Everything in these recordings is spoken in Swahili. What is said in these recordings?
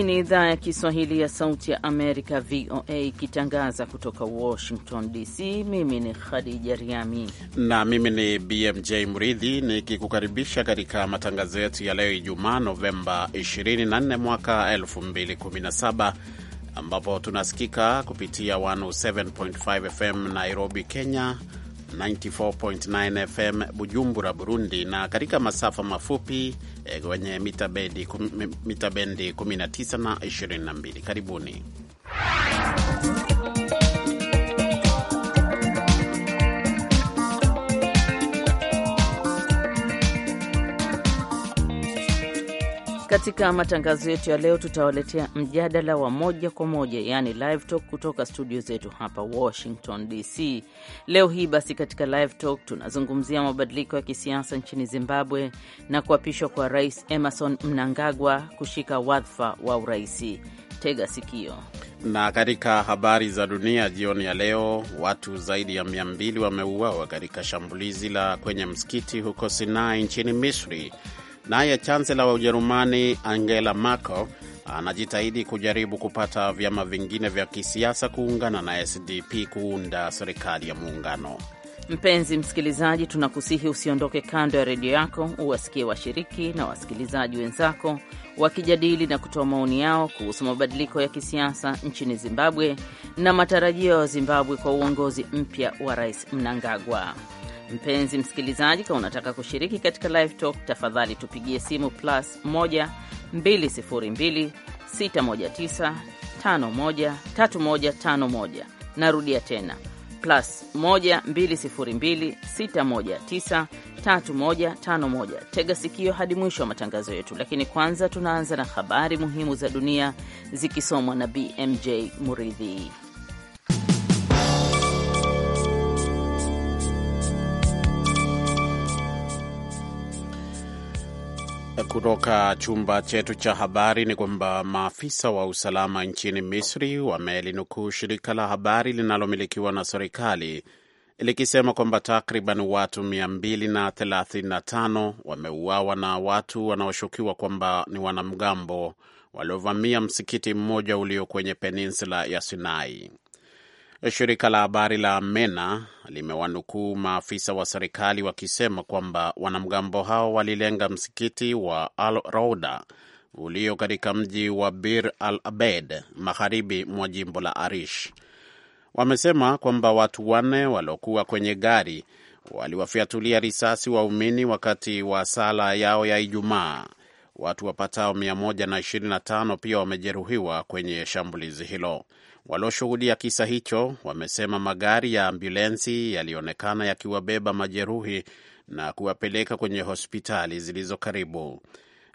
Hii ni idhaa ya Kiswahili ya Sauti ya Amerika, VOA, ikitangaza kutoka Washington DC. Mimi ni Khadija Riami na mimi ni BMJ Mridhi nikikukaribisha katika matangazo yetu ya leo Ijumaa Novemba 24 mwaka 2017 ambapo tunasikika kupitia 107.5 FM Nairobi, Kenya 94.9 FM Bujumbura, Burundi, na katika masafa mafupi eh, kwenye mita bendi 19 na 22. Karibuni Katika matangazo yetu ya leo, tutawaletea mjadala wa moja kwa moja, yani live talk kutoka studio zetu hapa Washington DC. Leo hii basi, katika live talk tunazungumzia mabadiliko ya kisiasa nchini Zimbabwe na kuapishwa kwa Rais Emerson Mnangagwa kushika wadhifa wa uraisi. Tega sikio. Na katika habari za dunia jioni ya leo, watu zaidi ya 200 wameuawa katika shambulizi la kwenye msikiti huko Sinai nchini Misri Naye chansela wa Ujerumani Angela Merkel anajitahidi kujaribu kupata vyama vingine vya kisiasa kuungana na SDP kuunda serikali ya muungano. Mpenzi msikilizaji, tunakusihi usiondoke kando ya redio yako, uwasikie washiriki na wasikilizaji wenzako wakijadili na kutoa maoni yao kuhusu mabadiliko ya kisiasa nchini Zimbabwe na matarajio ya Wazimbabwe kwa uongozi mpya wa Rais Mnangagwa. Mpenzi msikilizaji, kama unataka kushiriki katika live talk, tafadhali tupigie simu plus 1 Narudia tena plus 1 Tega sikio hadi mwisho wa matangazo yetu, lakini kwanza tunaanza na habari muhimu za dunia zikisomwa na BMJ Muridhi. Kutoka chumba chetu cha habari ni kwamba maafisa wa usalama nchini Misri wamelinukuu shirika la habari linalomilikiwa na serikali likisema kwamba takriban watu 235 wameuawa na watu wanaoshukiwa kwamba ni wanamgambo waliovamia msikiti mmoja ulio kwenye peninsula ya Sinai. Shirika la habari la MENA limewanukuu maafisa wa serikali wakisema kwamba wanamgambo hao walilenga msikiti wa Al Rouda ulio katika mji wa Bir Al Abed magharibi mwa jimbo la Arish. Wamesema kwamba watu wanne waliokuwa kwenye gari waliwafyatulia risasi waumini wakati wa sala yao ya Ijumaa. Watu wapatao 125 pia wamejeruhiwa kwenye shambulizi hilo. Walioshuhudia kisa hicho wamesema magari ya ambulensi yalionekana yakiwabeba majeruhi na kuwapeleka kwenye hospitali zilizo karibu.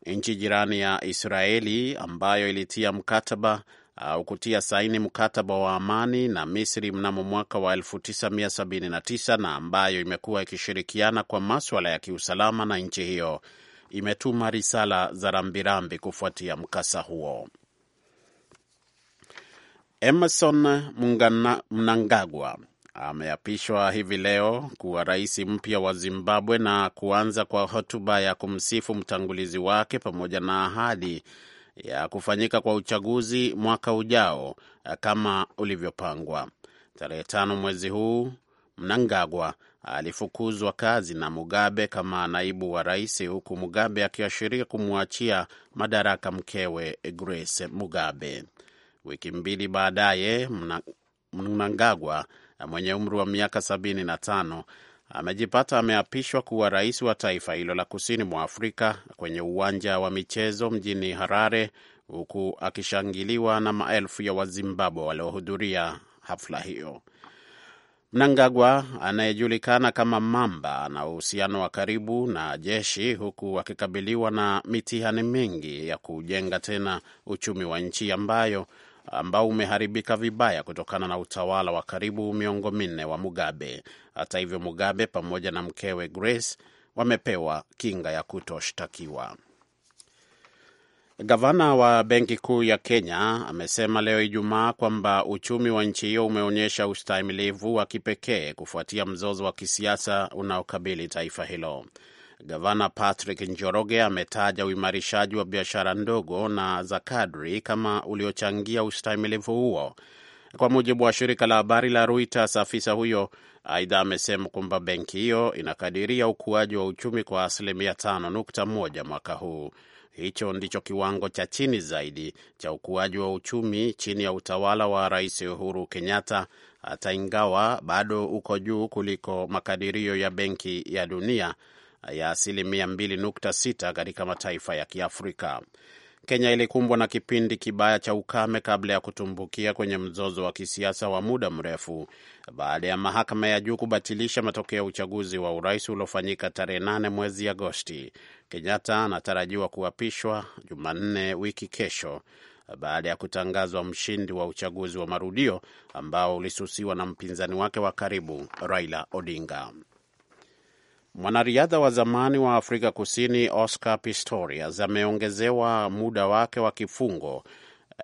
Nchi jirani ya Israeli ambayo ilitia mkataba au kutia saini mkataba wa amani na Misri mnamo mwaka wa 1979 na ambayo imekuwa ikishirikiana kwa maswala ya kiusalama na nchi hiyo imetuma risala za rambirambi kufuatia mkasa huo. Emerson Mnangagwa ameapishwa hivi leo kuwa rais mpya wa Zimbabwe na kuanza kwa hotuba ya kumsifu mtangulizi wake pamoja na ahadi ya kufanyika kwa uchaguzi mwaka ujao kama ulivyopangwa. Tarehe tano mwezi huu Mnangagwa alifukuzwa kazi na Mugabe kama naibu wa rais, huku Mugabe akiashiria kumwachia madaraka mkewe Grace Mugabe. Wiki mbili baadaye, Mnangagwa eh, mwenye umri wa miaka tano amejipata ameapishwa kuwa rais wa taifa hilo la kusini mwa Afrika kwenye uwanja wa michezo mjini Harare, huku akishangiliwa na maelfu ya Wazimbabwe waliohudhuria hafla hiyo. Mnangagwa anayejulikana kama Mamba na uhusiano wa karibu na jeshi, huku akikabiliwa na mitihani mingi ya kujenga tena uchumi wa nchi ambayo ambao umeharibika vibaya kutokana na utawala wa karibu miongo minne wa Mugabe. Hata hivyo, Mugabe pamoja na mkewe Grace wamepewa kinga ya kutoshtakiwa. Gavana wa Benki Kuu ya Kenya amesema leo Ijumaa kwamba uchumi wa nchi hiyo umeonyesha ustahimilivu wa kipekee kufuatia mzozo wa kisiasa unaokabili taifa hilo. Gavana Patrick Njoroge ametaja uimarishaji wa biashara ndogo na za kadri kama uliochangia ustahimilivu huo, kwa mujibu wa shirika la habari la Reuters. Afisa huyo aidha amesema kwamba benki hiyo inakadiria ukuaji wa uchumi kwa asilimia moja mwaka huu. Hicho ndicho kiwango cha chini zaidi cha ukuaji wa uchumi chini ya utawala wa Rais Uhuru Kenyatta, hata ingawa bado uko juu kuliko makadirio ya Benki ya Dunia ya asilimia 2.6 katika mataifa ya Kiafrika. Kenya ilikumbwa na kipindi kibaya cha ukame kabla ya kutumbukia kwenye mzozo wa kisiasa wa muda mrefu baada ya mahakama ya juu kubatilisha matokeo ya uchaguzi wa urais uliofanyika tarehe 8 mwezi Agosti. Kenyatta anatarajiwa kuapishwa Jumanne wiki kesho baada ya kutangazwa mshindi wa uchaguzi wa marudio ambao ulisusiwa na mpinzani wake wa karibu Raila Odinga. Mwanariadha wa zamani wa Afrika Kusini Oscar Pistorius ameongezewa muda wake wa kifungo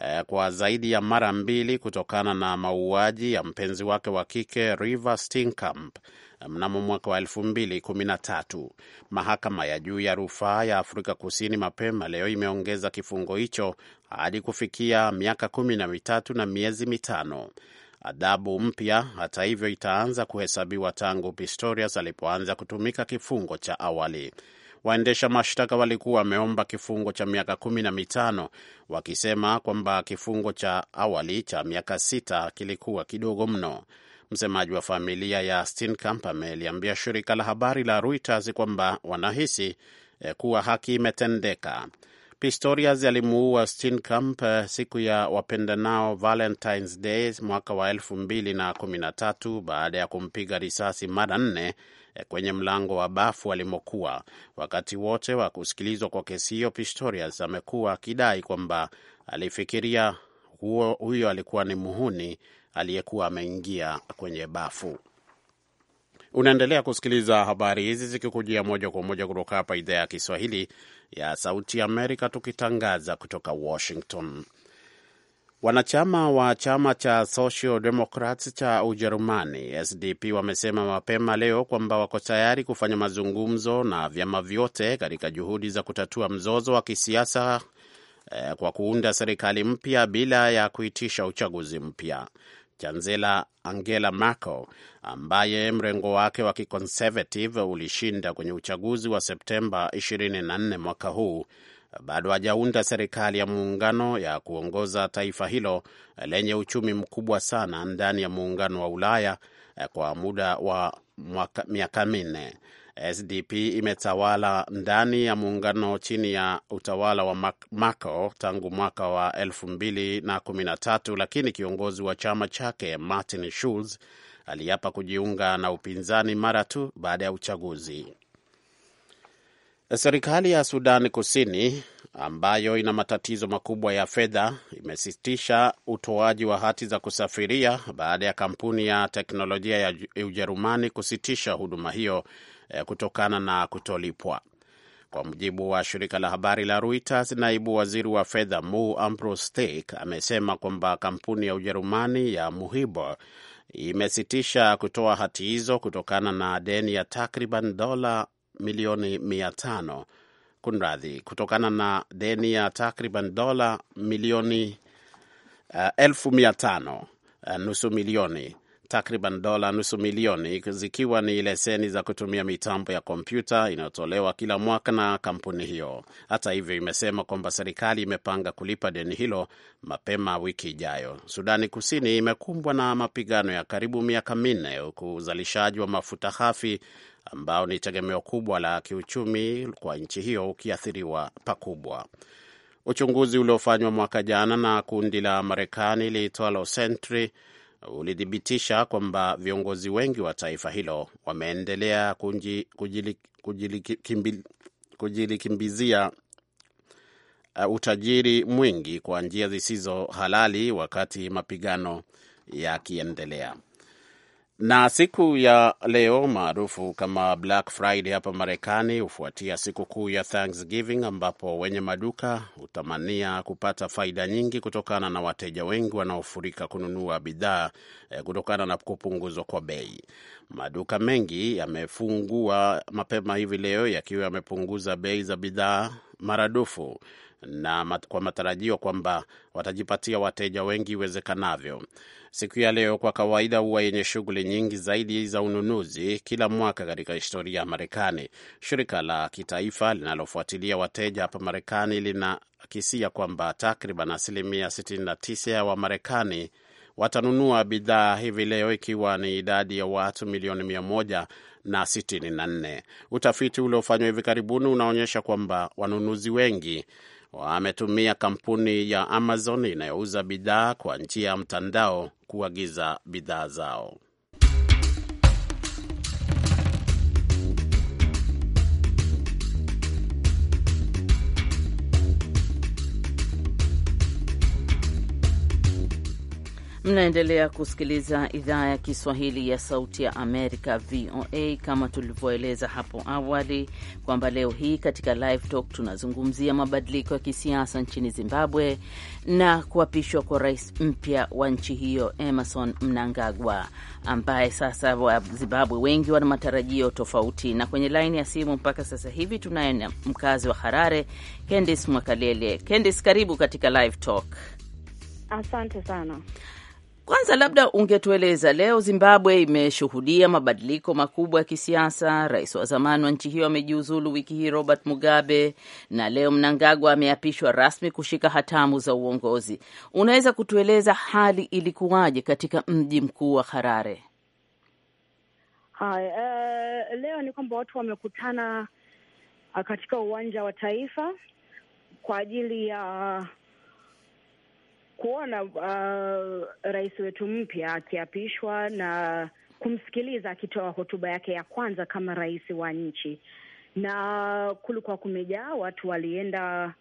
eh, kwa zaidi ya mara mbili kutokana na mauaji ya mpenzi wake wa kike River Steenkamp mnamo mwaka wa 2013. Mahakama ya juu ya rufaa ya Afrika Kusini mapema leo imeongeza kifungo hicho hadi kufikia miaka kumi na mitatu na miezi mitano. Adhabu mpya hata hivyo itaanza kuhesabiwa tangu Pistorius alipoanza kutumika kifungo cha awali. Waendesha mashtaka walikuwa wameomba kifungo cha miaka kumi na mitano wakisema kwamba kifungo cha awali cha miaka sita kilikuwa kidogo mno. Msemaji wa familia ya Steenkamp ameliambia shirika la habari la Reuters kwamba wanahisi eh, kuwa haki imetendeka. Pistorius alimuua Steenkamp eh, siku ya wapendanao Valentines Day mwaka wa elfu mbili na kumi na tatu baada ya kumpiga risasi mara nne eh, kwenye mlango wa bafu alimokuwa. Wakati wote wa kusikilizwa kwa kesi hiyo, Pistorius amekuwa akidai kwamba alifikiria huo, huyo alikuwa ni muhuni aliyekuwa ameingia kwenye bafu. Unaendelea kusikiliza habari hizi zikikujia moja kwa moja kutoka hapa idhaa ya Kiswahili ya Sauti ya Amerika tukitangaza kutoka Washington. Wanachama wa chama cha Social Democrats cha Ujerumani SDP wamesema mapema leo kwamba wako tayari kufanya mazungumzo na vyama vyote katika juhudi za kutatua mzozo wa kisiasa eh, kwa kuunda serikali mpya bila ya kuitisha uchaguzi mpya chanzela Angela Merkel ambaye mrengo wake wa kiconservative ulishinda kwenye uchaguzi wa Septemba 24 mwaka huu bado hajaunda serikali ya muungano ya kuongoza taifa hilo lenye uchumi mkubwa sana ndani ya muungano wa Ulaya kwa muda wa miaka minne. SDP imetawala ndani ya muungano chini ya utawala wa Mako tangu mwaka wa elfu lakini kiongozi wa chama chake Martin Schulz aliapa kujiunga na upinzani mara tu baada ya uchaguzi. Serikali ya Sudan Kusini ambayo ina matatizo makubwa ya fedha imesitisha utoaji wa hati za kusafiria baada ya kampuni ya teknolojia ya Ujerumani kusitisha huduma hiyo Eh, kutokana na kutolipwa. Kwa mujibu wa shirika la habari la Reuters, naibu waziri wa fedha Mu Ambrostek amesema kwamba kampuni ya Ujerumani ya Muhibor imesitisha kutoa hati hizo kutokana na deni ya takriban dola milioni mia tano kunradhi, kutokana na deni ya takriban dola milioni eh, elfu mia tano eh, nusu milioni takriban dola nusu milioni zikiwa ni leseni za kutumia mitambo ya kompyuta inayotolewa kila mwaka na kampuni hiyo. Hata hivyo, imesema kwamba serikali imepanga kulipa deni hilo mapema wiki ijayo. Sudani Kusini imekumbwa na mapigano ya karibu miaka minne huku uzalishaji wa mafuta hafi ambao ni tegemeo kubwa la kiuchumi kwa nchi hiyo ukiathiriwa pakubwa. Uchunguzi uliofanywa mwaka jana na kundi la Marekani liitwalo Sentry ulithibitisha kwamba viongozi wengi wa taifa hilo wameendelea kujilikimbizia uh, utajiri mwingi kwa njia zisizo halali wakati mapigano yakiendelea. Na siku ya leo maarufu kama Black Friday hapa Marekani hufuatia siku kuu ya Thanksgiving, ambapo wenye maduka hutamania kupata faida nyingi kutokana na wateja wengi wanaofurika kununua bidhaa eh, kutokana na kupunguzwa kwa bei. Maduka mengi yamefungua mapema hivi leo yakiwa yamepunguza bei za bidhaa maradufu na mat, kwa matarajio kwamba watajipatia wateja wengi iwezekanavyo. Siku ya leo kwa kawaida huwa yenye shughuli nyingi zaidi za ununuzi kila mwaka katika historia ya Marekani. Shirika la kitaifa linalofuatilia wateja hapa Marekani linakisia kwamba takriban asilimia 69 ya Wamarekani watanunua bidhaa hivi leo ikiwa ni idadi ya watu milioni mia moja na sitini na nne. Utafiti uliofanywa hivi karibuni unaonyesha kwamba wanunuzi wengi wametumia kampuni ya Amazon inayouza bidhaa kwa njia ya mtandao kuagiza bidhaa zao. Mnaendelea kusikiliza idhaa ya Kiswahili ya Sauti ya Amerika, VOA. Kama tulivyoeleza hapo awali kwamba leo hii katika Live Talk tunazungumzia mabadiliko ya kisiasa nchini Zimbabwe na kuapishwa kwa rais mpya wa nchi hiyo Emerson Mnangagwa, ambaye sasa Wazimbabwe wengi wana matarajio tofauti. Na kwenye laini ya simu mpaka sasa hivi tunaye na mkazi wa Harare, kendis Mwakalele. Kendis, karibu katika Live Talk. Asante sana. Kwanza labda ungetueleza leo, Zimbabwe imeshuhudia mabadiliko makubwa ya kisiasa. Rais wa zamani wa nchi hiyo amejiuzulu wiki hii, Robert Mugabe, na leo Mnangagwa ameapishwa rasmi kushika hatamu za uongozi. Unaweza kutueleza hali ilikuwaje katika mji mkuu wa Harare? uh, leo ni kwamba watu wamekutana ah, katika uwanja wa taifa kwa ajili ya uh, kuona uh, rais wetu mpya akiapishwa na kumsikiliza akitoa hotuba yake ya kwanza kama rais wa nchi, na kulikuwa kumejaa watu, walienda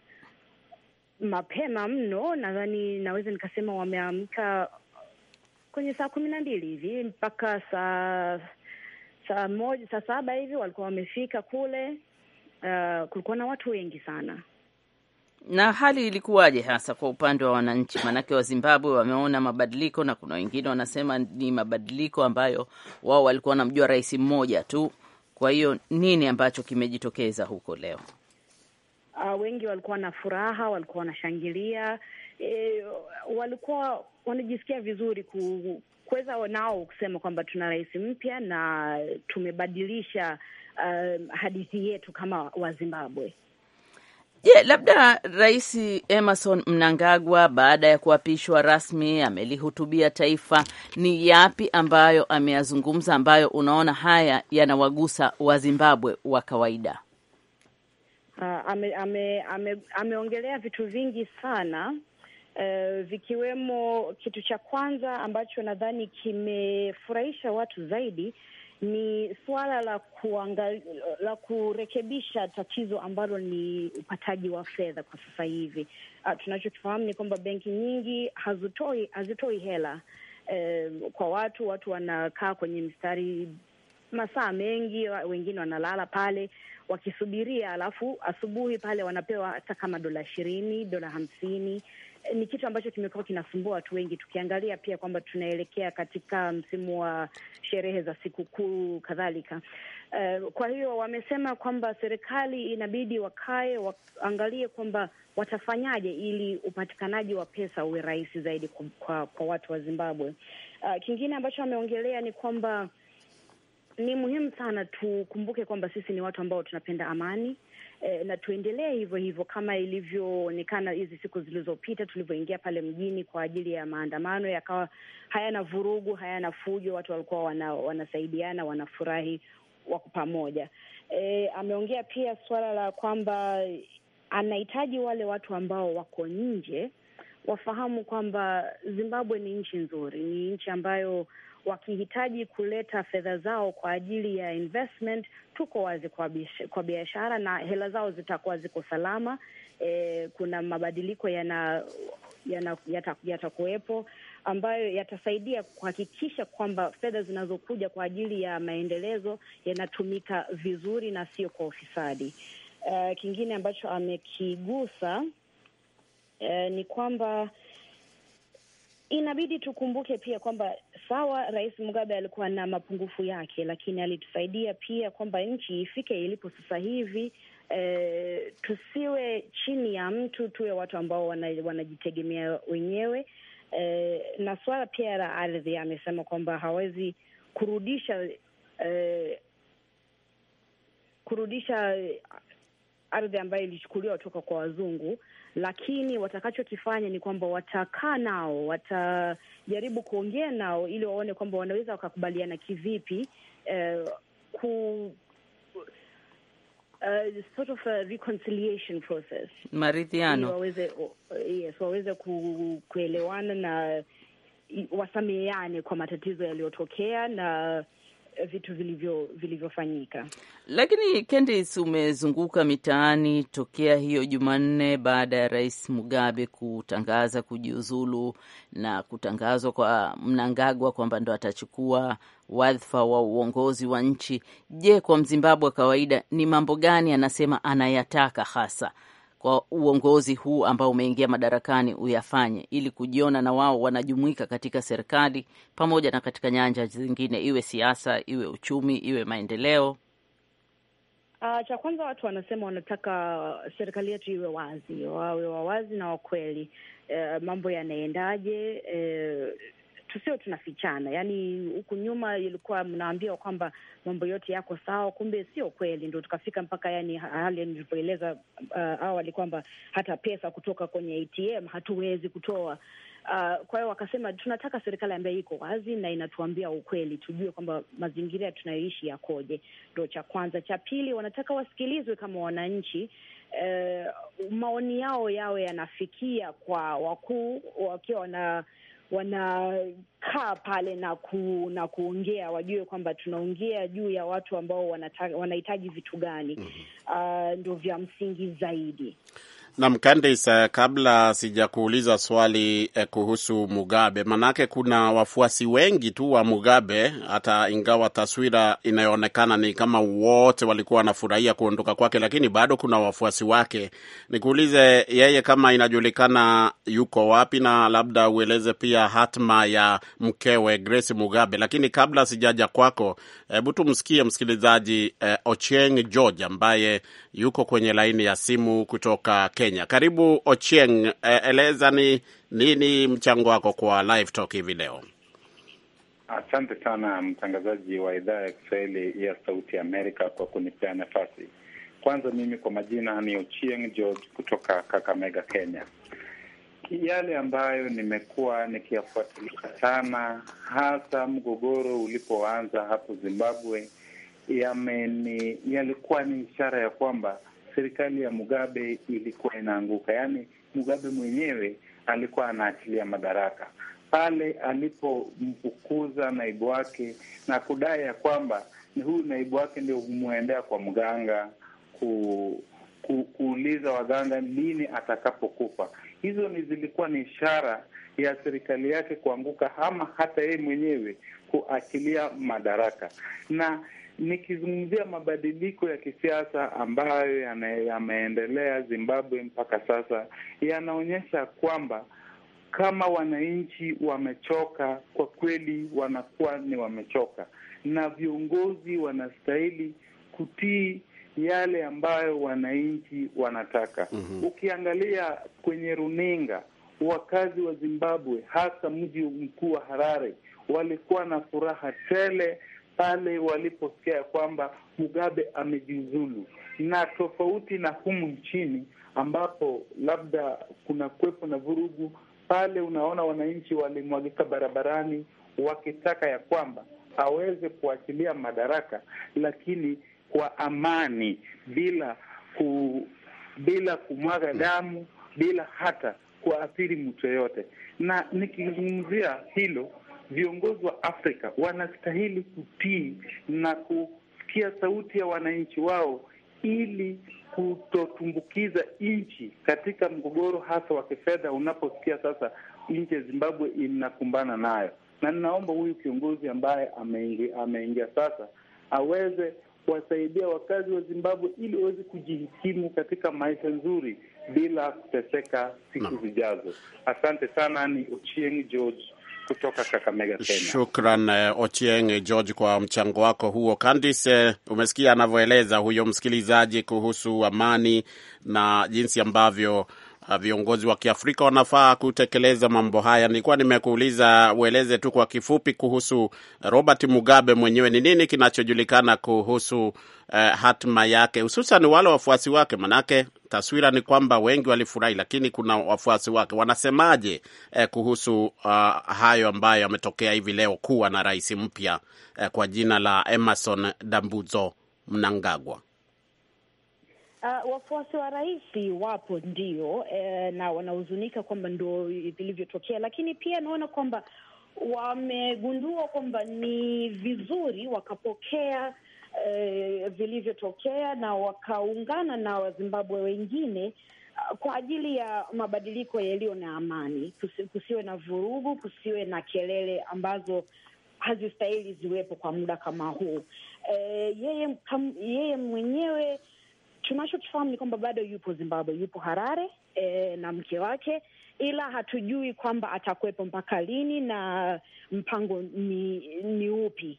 mapema mno. Nadhani naweza nikasema wameamka kwenye saa kumi na mbili hivi mpaka saa saa moja saa saba hivi walikuwa wamefika kule. Uh, kulikuwa na watu wengi sana na hali ilikuwaje hasa kwa upande wa wananchi? Maanake wa Zimbabwe wameona mabadiliko, na kuna wengine wanasema ni mabadiliko ambayo wao walikuwa wanamjua rais mmoja tu. Kwa hiyo nini ambacho kimejitokeza huko leo? Uh, wengi walikuwa na furaha, walikuwa wanashangilia e, walikuwa wanajisikia vizuri ku, kuweza nao kusema kwamba tuna rais mpya na tumebadilisha uh, hadithi yetu kama Wazimbabwe. Je, yeah, labda Rais Emerson Mnangagwa baada ya kuapishwa rasmi amelihutubia taifa, ni yapi ambayo ameyazungumza ambayo unaona haya yanawagusa Wazimbabwe wa kawaida? Ha, ah, ame, ame, ame, ameongelea vitu vingi sana uh, vikiwemo kitu cha kwanza ambacho nadhani kimefurahisha watu zaidi ni suala la la kurekebisha tatizo ambalo ni upataji wa fedha kwa sasa hivi. Ah, Tunachokifahamu ni kwamba benki nyingi hazitoi hazitoi hela e, kwa watu. Watu wanakaa kwenye mstari masaa mengi, wengine wanalala pale wakisubiria, alafu asubuhi pale wanapewa hata kama dola ishirini, dola hamsini ni kitu ambacho kimekuwa kinasumbua watu wengi, tukiangalia pia kwamba tunaelekea katika msimu wa sherehe za sikukuu kadhalika. Uh, kwa hiyo wamesema kwamba serikali inabidi wakae waangalie kwamba watafanyaje ili upatikanaji wa pesa uwe rahisi zaidi kwa, kwa, kwa watu wa Zimbabwe. Uh, kingine ambacho wameongelea ni kwamba ni muhimu sana tukumbuke kwamba sisi ni watu ambao tunapenda amani eh, na tuendelee hivyo hivyo kama ilivyoonekana hizi siku zilizopita tulivyoingia pale mjini kwa ajili ya maandamano, yakawa hayana vurugu, hayana fujo, watu walikuwa wana, wanasaidiana, wanafurahi, wako pamoja. Eh, ameongea pia suala la kwamba anahitaji wale watu ambao wako nje wafahamu kwamba Zimbabwe ni nchi nzuri, ni nchi ambayo wakihitaji kuleta fedha zao kwa ajili ya investment, tuko wazi kwa, biashara na hela zao zitakuwa ziko salama. E, kuna mabadiliko yana yatakuwepo yata ambayo yatasaidia kuhakikisha kwamba fedha zinazokuja kwa ajili ya maendelezo yanatumika vizuri na sio kwa ufisadi. Uh, kingine ambacho amekigusa uh, ni kwamba Inabidi tukumbuke pia kwamba sawa, Rais Mugabe alikuwa na mapungufu yake, lakini alitusaidia pia kwamba nchi ifike ilipo sasa hivi. E, tusiwe chini ya mtu, tuwe watu ambao wanajitegemea wenyewe. E, na swala pia la ardhi, amesema kwamba hawezi kurudisha e, kurudisha ardhi ambayo ilichukuliwa kutoka kwa wazungu lakini watakachokifanya ni kwamba watakaa nao, watajaribu kuongea nao ili waone kwamba wanaweza wakakubaliana kivipi eh, ku Uh, sort of a reconciliation process, maridhiano waweze, yes, waweze ku, kuelewana na wasameheane kwa matatizo yaliyotokea na vitu vilivyo vilivyofanyika. Lakini Candice, umezunguka mitaani tokea hiyo Jumanne baada ya Rais Mugabe kutangaza kujiuzulu na kutangazwa kwa Mnangagwa kwamba ndo atachukua wadhifa wa uongozi wa nchi. Je, kwa Mzimbabwe wa kawaida ni mambo gani anasema anayataka hasa kwa uongozi huu ambao umeingia madarakani uyafanye, ili kujiona na wao wanajumuika katika serikali pamoja na katika nyanja zingine, iwe siasa, iwe uchumi, iwe maendeleo. Uh, cha kwanza watu wanasema wanataka serikali yetu iwe wazi, wawe wawazi na wakweli. Uh, eh, mambo yanaendaje? Uh, tusio tunafichana. Yani huku nyuma ilikuwa mnaambia kwamba mambo yote yako sawa, kumbe sio kweli. Ndo tukafika mpaka yani hali nilivyoeleza uh, awali kwamba hata pesa kutoka kwenye ATM hatuwezi kutoa. Uh, kwa hiyo wakasema tunataka serikali ambayo iko wazi na inatuambia ukweli, tujue kwamba mazingira tunayoishi yakoje. Ndo cha kwanza. Cha pili, wanataka wasikilizwe kama wananchi uh, maoni yao yawe yanafikia kwa wakuu wakiwa wana wanakaa pale na ku, na kuongea, wajue kwamba tunaongea juu ya watu ambao wanahitaji vitu gani. mm -hmm. Uh, ah, ndo vya msingi zaidi na Candice, eh, kabla sijakuuliza swali eh, kuhusu Mugabe, manake kuna wafuasi wengi tu wa Mugabe, hata ingawa taswira inayoonekana ni kama wote walikuwa wanafurahia kuondoka kwake, lakini bado kuna wafuasi wake. Nikuulize yeye kama inajulikana yuko wapi, na labda ueleze pia hatma ya mkewe Grace Mugabe. Lakini kabla sijaja kwako, hebu eh, tumsikie msikilizaji eh, Ochieng George ambaye yuko kwenye laini ya simu kutoka Kenya. Karibu Ochieng, eh, eleza ni nini mchango wako kwa live talk hivi leo? Asante sana mtangazaji wa idhaa ya Kiswahili ya Sauti Amerika kwa kunipea nafasi. Kwanza mimi kwa majina ni Ochieng George kutoka Kakamega, Kenya. Yale ambayo nimekuwa nikiyafuatilia sana, hasa mgogoro ulipoanza hapo Zimbabwe, yameni yalikuwa ni ishara ya kwamba serikali ya Mugabe ilikuwa inaanguka. Yaani Mugabe mwenyewe alikuwa anaachilia madaraka pale alipomfukuza naibu wake na kudai ya kwamba ni huyu naibu wake ndio humwendea kwa mganga ku, ku, kuuliza waganga lini atakapokufa. Hizo ni zilikuwa ni ishara ya serikali yake kuanguka ama hata yeye mwenyewe kuachilia madaraka, na nikizungumzia mabadiliko ya kisiasa ambayo yameendelea Zimbabwe mpaka sasa, yanaonyesha kwamba kama wananchi wamechoka, kwa kweli wanakuwa ni wamechoka, na viongozi wanastahili kutii yale ambayo wananchi wanataka. mm -hmm. Ukiangalia kwenye runinga, wakazi wa Zimbabwe, hasa mji mkuu wa Harare, walikuwa na furaha tele pale waliposikia ya kwamba Mugabe amejiuzulu, na tofauti na humu nchini ambapo labda kuna kuwepo na vurugu, pale unaona wananchi walimwagika barabarani wakitaka ya kwamba aweze kuachilia madaraka, lakini kwa amani, bila ku, bila kumwaga damu, bila hata kuathiri mtu yoyote. Na nikizungumzia hilo viongozi wa Afrika wanastahili kutii na kusikia sauti ya wananchi wao ili kutotumbukiza nchi katika mgogoro hasa wa kifedha unaposikia sasa nchi ya Zimbabwe inakumbana nayo. Na ninaomba huyu kiongozi ambaye ameingia, sasa aweze kuwasaidia wakazi wa Zimbabwe ili waweze kujihikimu katika maisha nzuri bila kuteseka siku zijazo. Asante sana, ni Ochieng George kutoka Kakamega, Kenya. Shukran eh, Ochieng George kwa mchango wako huo. Candice, eh, umesikia anavyoeleza huyo msikilizaji kuhusu amani na jinsi ambavyo eh, viongozi wa Kiafrika wanafaa kutekeleza mambo haya. Nilikuwa nimekuuliza ueleze tu kwa kifupi kuhusu Robert Mugabe mwenyewe, ni nini kinachojulikana kuhusu uh, hatima yake, hususan wale wafuasi wake, manake taswira ni kwamba wengi walifurahi, lakini kuna wafuasi wake wanasemaje eh, kuhusu uh, hayo ambayo yametokea hivi leo kuwa na rais mpya eh, kwa jina la Emerson Dambuzo Mnangagwa? Uh, wafuasi wa rais wapo ndio, eh, na wanahuzunika kwamba ndo vilivyotokea, lakini pia naona kwamba wamegundua kwamba ni vizuri wakapokea Eh, vilivyotokea na wakaungana na Wazimbabwe wengine ah, kwa ajili ya mabadiliko yaliyo na amani. Kusi, kusiwe na vurugu, kusiwe na kelele ambazo hazistahili ziwepo kwa muda kama huu. E, yeye, kam, yeye mwenyewe tunachokifahamu ni kwamba bado yupo Zimbabwe, yupo Harare e, na mke wake, ila hatujui kwamba atakuwepo mpaka lini na mpango ni, ni upi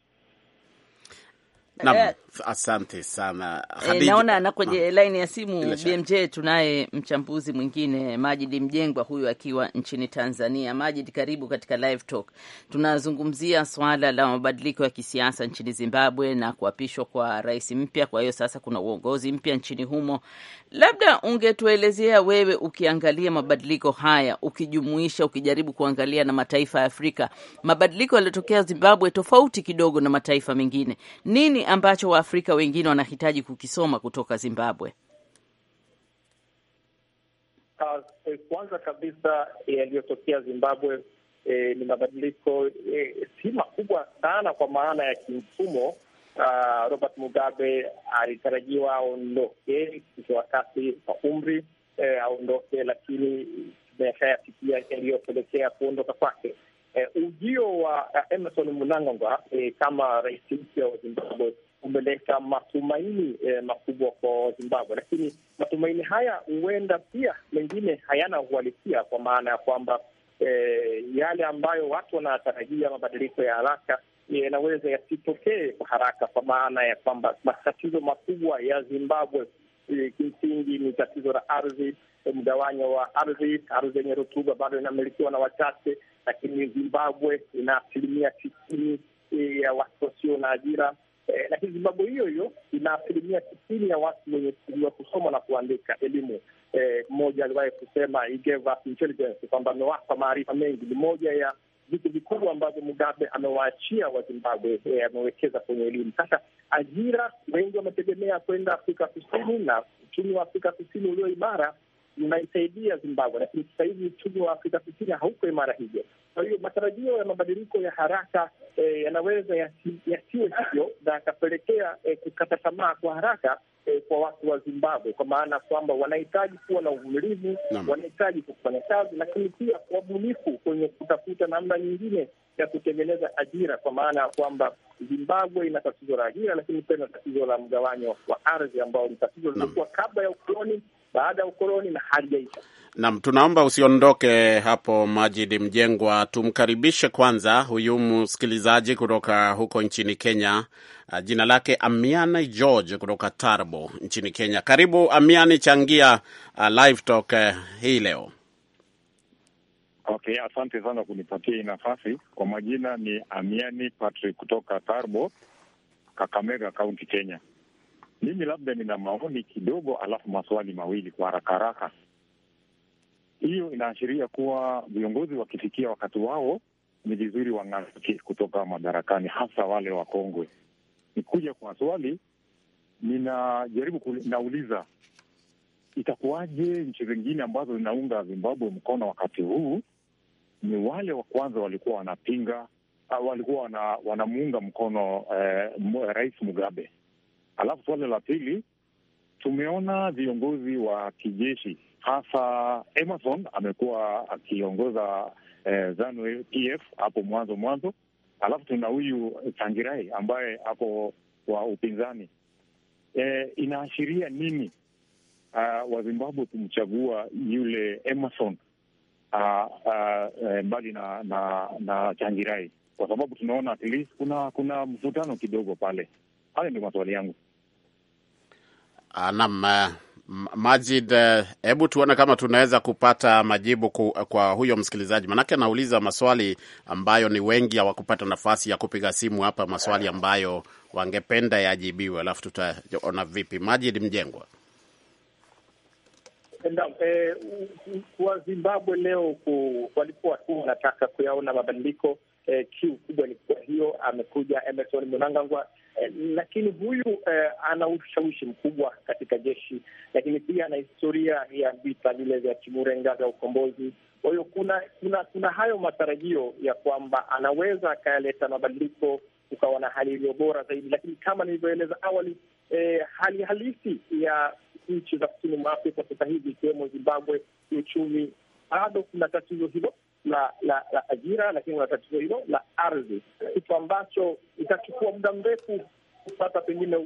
Nam, eh. asante sana e, naona na kwenye laini ya simu BMJ tunaye mchambuzi mwingine Majid Mjengwa, huyu akiwa nchini Tanzania. Majid, karibu katika Live Talk. Tunazungumzia swala la mabadiliko ya kisiasa nchini Zimbabwe na kuapishwa kwa rais mpya. Kwa hiyo sasa kuna uongozi mpya nchini humo, Labda ungetuelezea wewe, ukiangalia mabadiliko haya, ukijumuisha, ukijaribu kuangalia na mataifa ya Afrika, mabadiliko yaliyotokea Zimbabwe tofauti kidogo na mataifa mengine, nini ambacho Waafrika wengine wanahitaji kukisoma kutoka Zimbabwe? Ah, eh, kwanza kabisa eh, yaliyotokea Zimbabwe eh, ni mabadiliko eh, si makubwa sana kwa maana ya kimfumo uh, Robert Mugabe alitarajiwa aondoke kisha wakati wa umri eh, aondoke, lakini tumeshayasikia yaliyopelekea kuondoka kwake. Eh, ujio wa uh, Emerson Mnangagwa eh, kama rais mpya wa Zimbabwe umeleta matumaini eh, makubwa kwa Zimbabwe, lakini matumaini haya huenda pia mengine hayana uhalisia, kwa maana ya kwamba eh, yale ambayo watu wanatarajia mabadiliko ya haraka yanaweza yasitokee kwa haraka, kwa maana ya kwamba matatizo makubwa ya Zimbabwe e, kimsingi ni tatizo la ardhi, mgawanyo wa ardhi. Ardhi yenye rutuba bado inamilikiwa na wachache, lakini Zimbabwe ina asilimia tisini e, ya watu wasio na ajira e, lakini Zimbabwe hiyo hiyo ina asilimia tisini ya watu wenye kujua kusoma na kuandika. Elimu e, mmoja e, aliwahi kusema he gave us intelligence, kwamba amewapa maarifa mengi. Ni moja ya vitu vikubwa ambavyo Mugabe amewaachia Wazimbabwe, amewekeza kwenye elimu. Sasa ajira, wengi wametegemea kwenda Afrika Kusini, na uchumi wa Afrika Kusini ulio imara unaisaidia Zimbabwe, lakini sasa hivi uchumi wa Afrika Kusini hauko imara hivyo. Kwa hiyo matarajio ya mabadiliko ya haraka eh, yanaweza yasiwe hivyo na yakapelekea eh, kukata tamaa kwa haraka eh, kwa watu wa Zimbabwe, kwa maana kwamba wanahitaji kuwa na uvumilivu, wanahitaji kufanya kazi, lakini pia wabunifu kwenye kutafuta namna nyingine ya kutengeneza ajira, kwa maana ya kwamba Zimbabwe ina tatizo la ajira, lakini pia ina tatizo la mgawanyo wa ardhi, ambao ni tatizo lilikuwa kabla ya ukoloni baada ya ukoloni na halijaisha. Naam, tunaomba usiondoke hapo Majid Mjengwa. Tumkaribishe kwanza huyu msikilizaji kutoka huko nchini Kenya. Ah, jina lake Amiani George kutoka Tarbo nchini Kenya. Karibu Amiani, changia uh, live talk uh, hii leo. Okay, asante sana kunipatia hii nafasi. Kwa majina ni Amiani Patrick kutoka Tarbo, Kakamega Kaunti, Kenya. Mimi labda nina maoni kidogo, alafu maswali mawili kwa haraka haraka. Hiyo inaashiria kuwa viongozi wakifikia wakati wao, ni vizuri wang'atuke kutoka madarakani, hasa wale wakongwe. Nikuja kwa swali, ninajaribu nauliza, itakuwaje nchi zingine ambazo zinaunga Zimbabwe mkono wakati huu ni wale wa kwanza walikuwa wanapinga, walikuwa wana, wanamuunga mkono eh, Rais Mugabe Alafu suala la pili, tumeona viongozi wa kijeshi hasa Emerson amekuwa akiongoza eh, Zanu PF hapo mwanzo mwanzo, alafu tuna huyu Tangirai ambaye hapo wa upinzani eh, inaashiria nini uh, ah, Wazimbabwe kumchagua yule Emerson uh, uh, mbali na na, na Changirai? Kwa sababu tunaona at least kuna kuna mvutano kidogo pale Hayo ndio maswali yangu. Ah, naam, eh, Majid, eh, hebu tuone kama tunaweza kupata majibu ku, kwa huyo msikilizaji, manake anauliza maswali ambayo ni wengi hawakupata nafasi ya kupiga simu hapa, maswali ambayo wangependa yajibiwe, alafu tutaona vipi. Majid Mjengwa eh, kwa Zimbabwe leo walikuwa tu wanataka kuyaona mabadiliko eh, kiu kubwa ni kwa hiyo amekuja Emerson Mnangagwa eh, lakini huyu eh, ana ushawishi mkubwa katika jeshi, lakini pia ana historia ya vita vile vya Chimurenga vya ukombozi. Kwa hiyo kuna, kuna kuna hayo matarajio ya kwamba anaweza akayaleta mabadiliko kukawa na hali iliyo bora zaidi, lakini kama nilivyoeleza awali eh, hali halisi ya nchi za kusini mwa Afrika sasa hivi ikiwemo Zimbabwe kiuchumi, bado kuna tatizo hilo la, la, la ajira, lakini kuna tatizo hilo la ardhi, kitu ambacho itachukua muda mrefu kupata pengine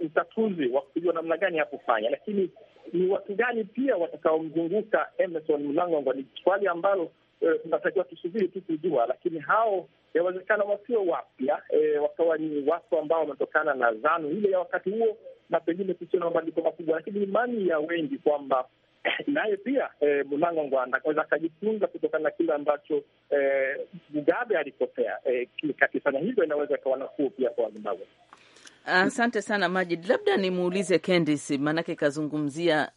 utatuzi wa kujua namna gani ya kufanya, lakini ni watu gani pia watakaomzunguka Emerson Mnangagwa ni swali ambalo eh, tunatakiwa e, tusubiri tu kujua, lakini hao yawezekana wasio wapya e, wakawa ni watu ambao wametokana na zanu ile ya wakati huo, na pengine kusio na mabadiliko makubwa, lakini imani ya wengi kwamba naye pia e, eh, Mnangagwa anaweza akajifunza kutokana na kile ambacho eh, Mugabe e, alikosea e, kakifanya hivyo, inaweza ikawa nafuu pia kwa Wazimbabwe. Asante sana Majid, labda nimuulize Kendis, maanake kazungumzia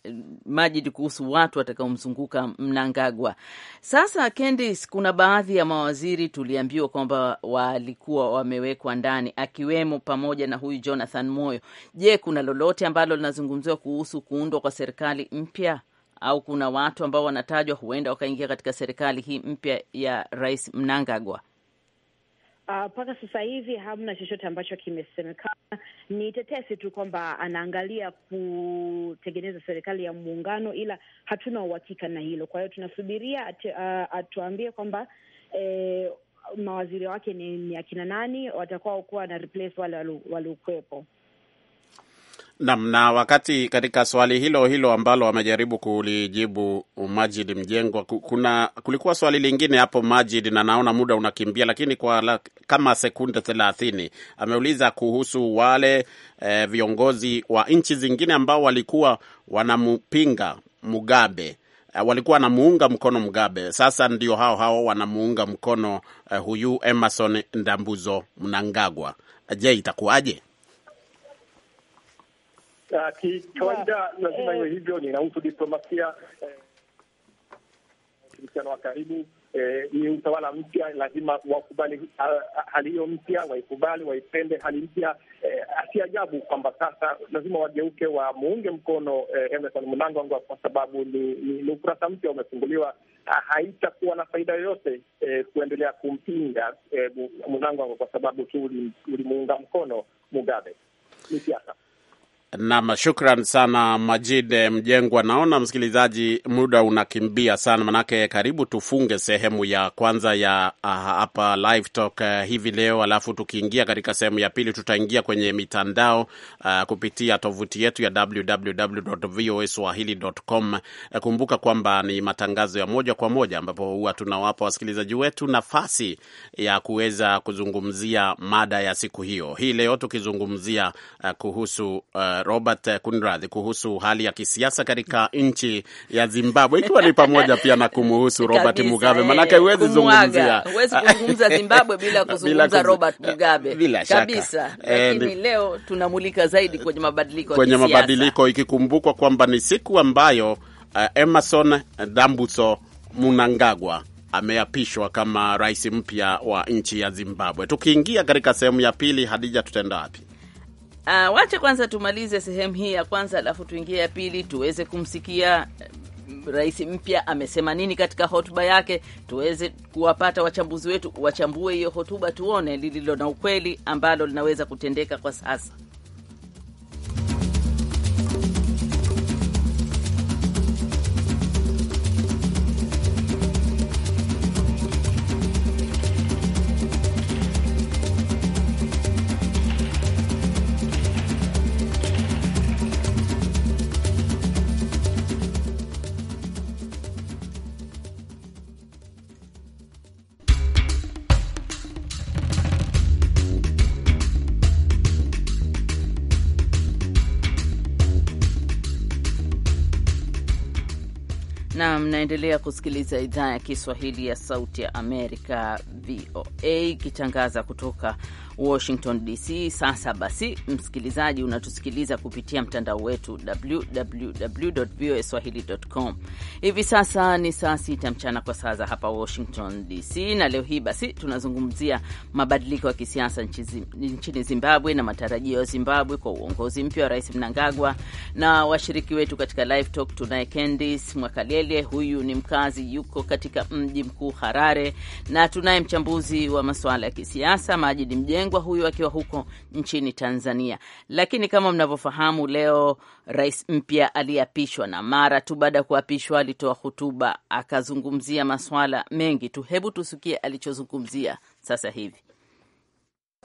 Majid kuhusu watu watakaomzunguka Mnangagwa. Sasa Kendis, kuna baadhi ya mawaziri tuliambiwa kwamba walikuwa wamewekwa ndani, akiwemo pamoja na huyu Jonathan Moyo. Je, kuna lolote ambalo linazungumziwa kuhusu kuundwa kwa serikali mpya? au kuna watu ambao wanatajwa huenda wakaingia katika serikali hii mpya ya Rais Mnangagwa? Ah, mpaka uh, sasa hivi hamna chochote ambacho kimesemekana. Ni tetesi tu kwamba anaangalia kutengeneza serikali ya muungano, ila hatuna uhakika na hilo. Kwa hiyo tunasubiria ah, atuambie uh, kwamba eh, mawaziri wake ni, ni akina nani watakuwa kuwa na replace wale waliokuwepo. Nam na wakati katika swali hilo hilo ambalo wamejaribu kulijibu Majid Mjengwa, kuna kulikuwa swali lingine hapo Majid, na naona muda unakimbia, lakini kwa la, kama sekunde thelathini, ameuliza kuhusu wale eh, viongozi wa nchi zingine ambao walikuwa wanampinga Mugabe eh, walikuwa wanamuunga mkono Mugabe. Sasa ndio hao hao wanamuunga mkono uh, huyu Emerson Ndambuzo Mnangagwa. Je, itakuwaje? uh, kikawaida lazima iwe eh. hivyo. Ninahusu diplomasia, ushirikiano eh, wa karibu eh, ni utawala mpya, lazima wakubali ah, ah, hali hiyo mpya, waikubali, waipende hali mpya eh, si ajabu kwamba sasa lazima wageuke, wamuunge mkono eh, Emerson Mnangagwa kwa sababu ni, ni, ni ukurasa mpya umefunguliwa. Ah, haitakuwa na faida yoyote eh, kuendelea kumpinga eh, Mnangagwa kwa sababu tu ulimuunga mkono Mugabe. Ni siasa. Nam, shukran sana Majid Mjengwa. Naona msikilizaji, muda unakimbia sana, manake karibu tufunge sehemu ya kwanza ya ah, hapa live talk eh, hivi leo, alafu tukiingia katika sehemu ya pili tutaingia kwenye mitandao uh, kupitia tovuti yetu ya www.voaswahili.com. Eh, kumbuka kwamba ni matangazo ya moja kwa moja, ambapo huwa tunawapa wasikilizaji wetu nafasi ya kuweza kuzungumzia mada ya siku hiyo. Hii leo tukizungumzia uh, kuhusu uh, Robert Kunradhi kuhusu hali ya kisiasa katika nchi ya Zimbabwe, ikiwa ni pamoja pia na kumuhusu Robert Mugabe, eh, manake huwezi zungumzia huwezi kuzungumza Zimbabwe bila kuzungumza Robert Mugabe bila kabisa. Lakini eh, leo tunamulika zaidi kwenye mabadiliko kwenye mabadiliko, ikikumbukwa kwamba ni siku ambayo uh, Emerson Dambuso Munangagwa ameapishwa kama rais mpya wa nchi ya Zimbabwe. Tukiingia katika sehemu ya pili, Hadija, tutaenda wapi? Uh, wache kwanza tumalize sehemu hii ya kwanza, alafu tuingie ya pili, tuweze kumsikia eh, rais mpya amesema nini katika hotuba yake, tuweze kuwapata wachambuzi wetu wachambue hiyo hotuba, tuone lililo na ukweli ambalo linaweza kutendeka kwa sasa. mnaendelea kusikiliza idhaa ya Kiswahili ya Sauti ya Amerika, VOA, ikitangaza kutoka Washington DC. Sasa basi, msikilizaji, unatusikiliza kupitia mtandao wetu www voa swahili.com. Hivi sasa ni saa sita mchana kwa saa za hapa Washington DC, na leo hii basi tunazungumzia mabadiliko ya kisiasa nchini Zimbabwe na matarajio ya Zimbabwe kwa uongozi mpya wa Rais Mnangagwa na washiriki wetu katika live talk tunaye Candice Mwakalele, huyu ni mkazi, yuko katika mji mkuu Harare, na tunaye mchambuzi wa masuala ya kisiasa Majid Mjengo mlengwa huyu akiwa huko nchini Tanzania. Lakini kama mnavyofahamu, leo rais mpya aliapishwa na mara tu baada ya kuapishwa alitoa hotuba akazungumzia maswala mengi tu. Hebu tusikie alichozungumzia sasa hivi.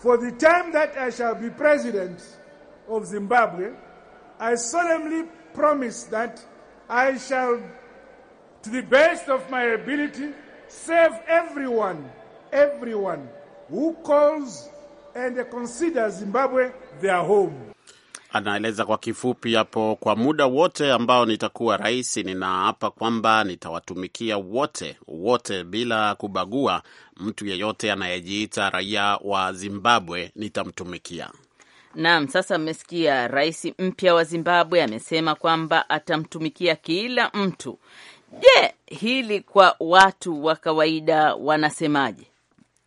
For the time that I shall be president of Zimbabwe, I solemnly promise that I shall to the best of my ability everyone everyone who calls and consider Zimbabwe their home. Anaeleza kwa kifupi hapo, kwa muda wote ambao nitakuwa rais, ninaapa kwamba nitawatumikia wote wote bila kubagua mtu yeyote anayejiita raia wa Zimbabwe, nitamtumikia. Naam, sasa mmesikia rais mpya wa Zimbabwe amesema kwamba atamtumikia kila mtu. Je, hili kwa watu wa kawaida wanasemaje?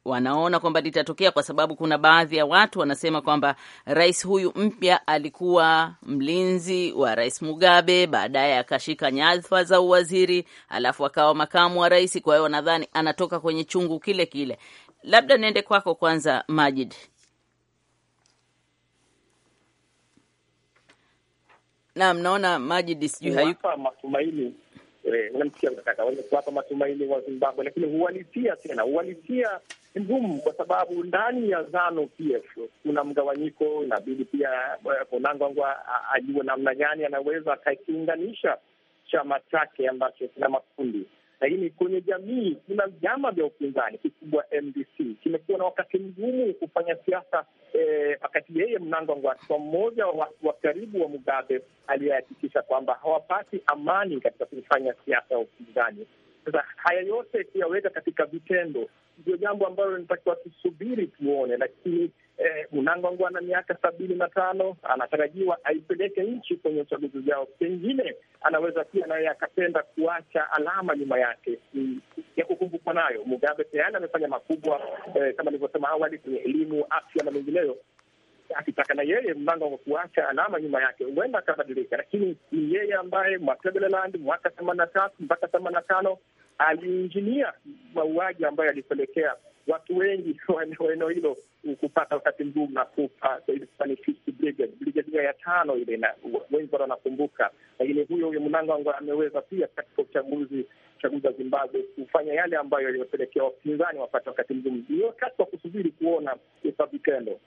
wanaona kwamba litatokea, kwa sababu kuna baadhi ya watu wanasema kwamba rais huyu mpya alikuwa mlinzi wa rais Mugabe, baadaye akashika nyadhifa za uwaziri, alafu akawa makamu wa rais. Kwa hiyo wanadhani anatoka kwenye chungu kile kile. Labda niende kwako kwanza, Majid. Naam, naona Majid sijui hayupo. Matumaini eh, unamsikia, unataka kuwapa matumaini wa Zimbabwe, lakini huwalitia tena, huwalitia ni ngumu kwa sababu ndani ya Zanu PF kuna mgawanyiko. Inabidi pia eh, Mnangagwa ajue namna gani anaweza akakiunganisha chama chake ambacho kina makundi. Lakini kwenye jamii kuna vyama vya upinzani kikubwa MDC kimekuwa na wakati mgumu kufanya siasa eh, wakati yeye Mnangagwa akiwa mmoja wa watu wa karibu wa Mugabe aliyehakikisha kwamba hawapati amani katika kufanya siasa ya upinzani. Sasa haya yote kuyaweka katika vitendo ndio jambo ambalo linatakiwa tusubiri tuone, lakini eh, Mnangagwa ana miaka sabini na tano, anatarajiwa aipeleke nchi kwenye uchaguzi ujao. Pengine anaweza pia naye akapenda kuacha alama nyuma yake mm, ya kukumbukwa nayo. Mugabe tayari amefanya makubwa eh, kama nilivyosema awali, kwenye elimu, afya na mengineyo akitaka na yeye mlango wa kuacha alama nyuma yake huenda akabadilika, lakini ni yeye ambaye Matabeleland mwaka themani na tatu mpaka themani na tano aliinjinia mauaji ambayo alipelekea watu wengi wa eneo hilo kupata wakati mgumu na kufa. Brigedia ya tano ile, na wengi bado wanakumbuka, lakini huyo huyo Mnangagwa ameweza pia katika uchaguzi chaguzi wa Zimbabwe kufanya yale ambayo yaliyopelekea wapinzani wapate wakati mgumu. Ni wakati wa kusubiri kuona hesa vitendo.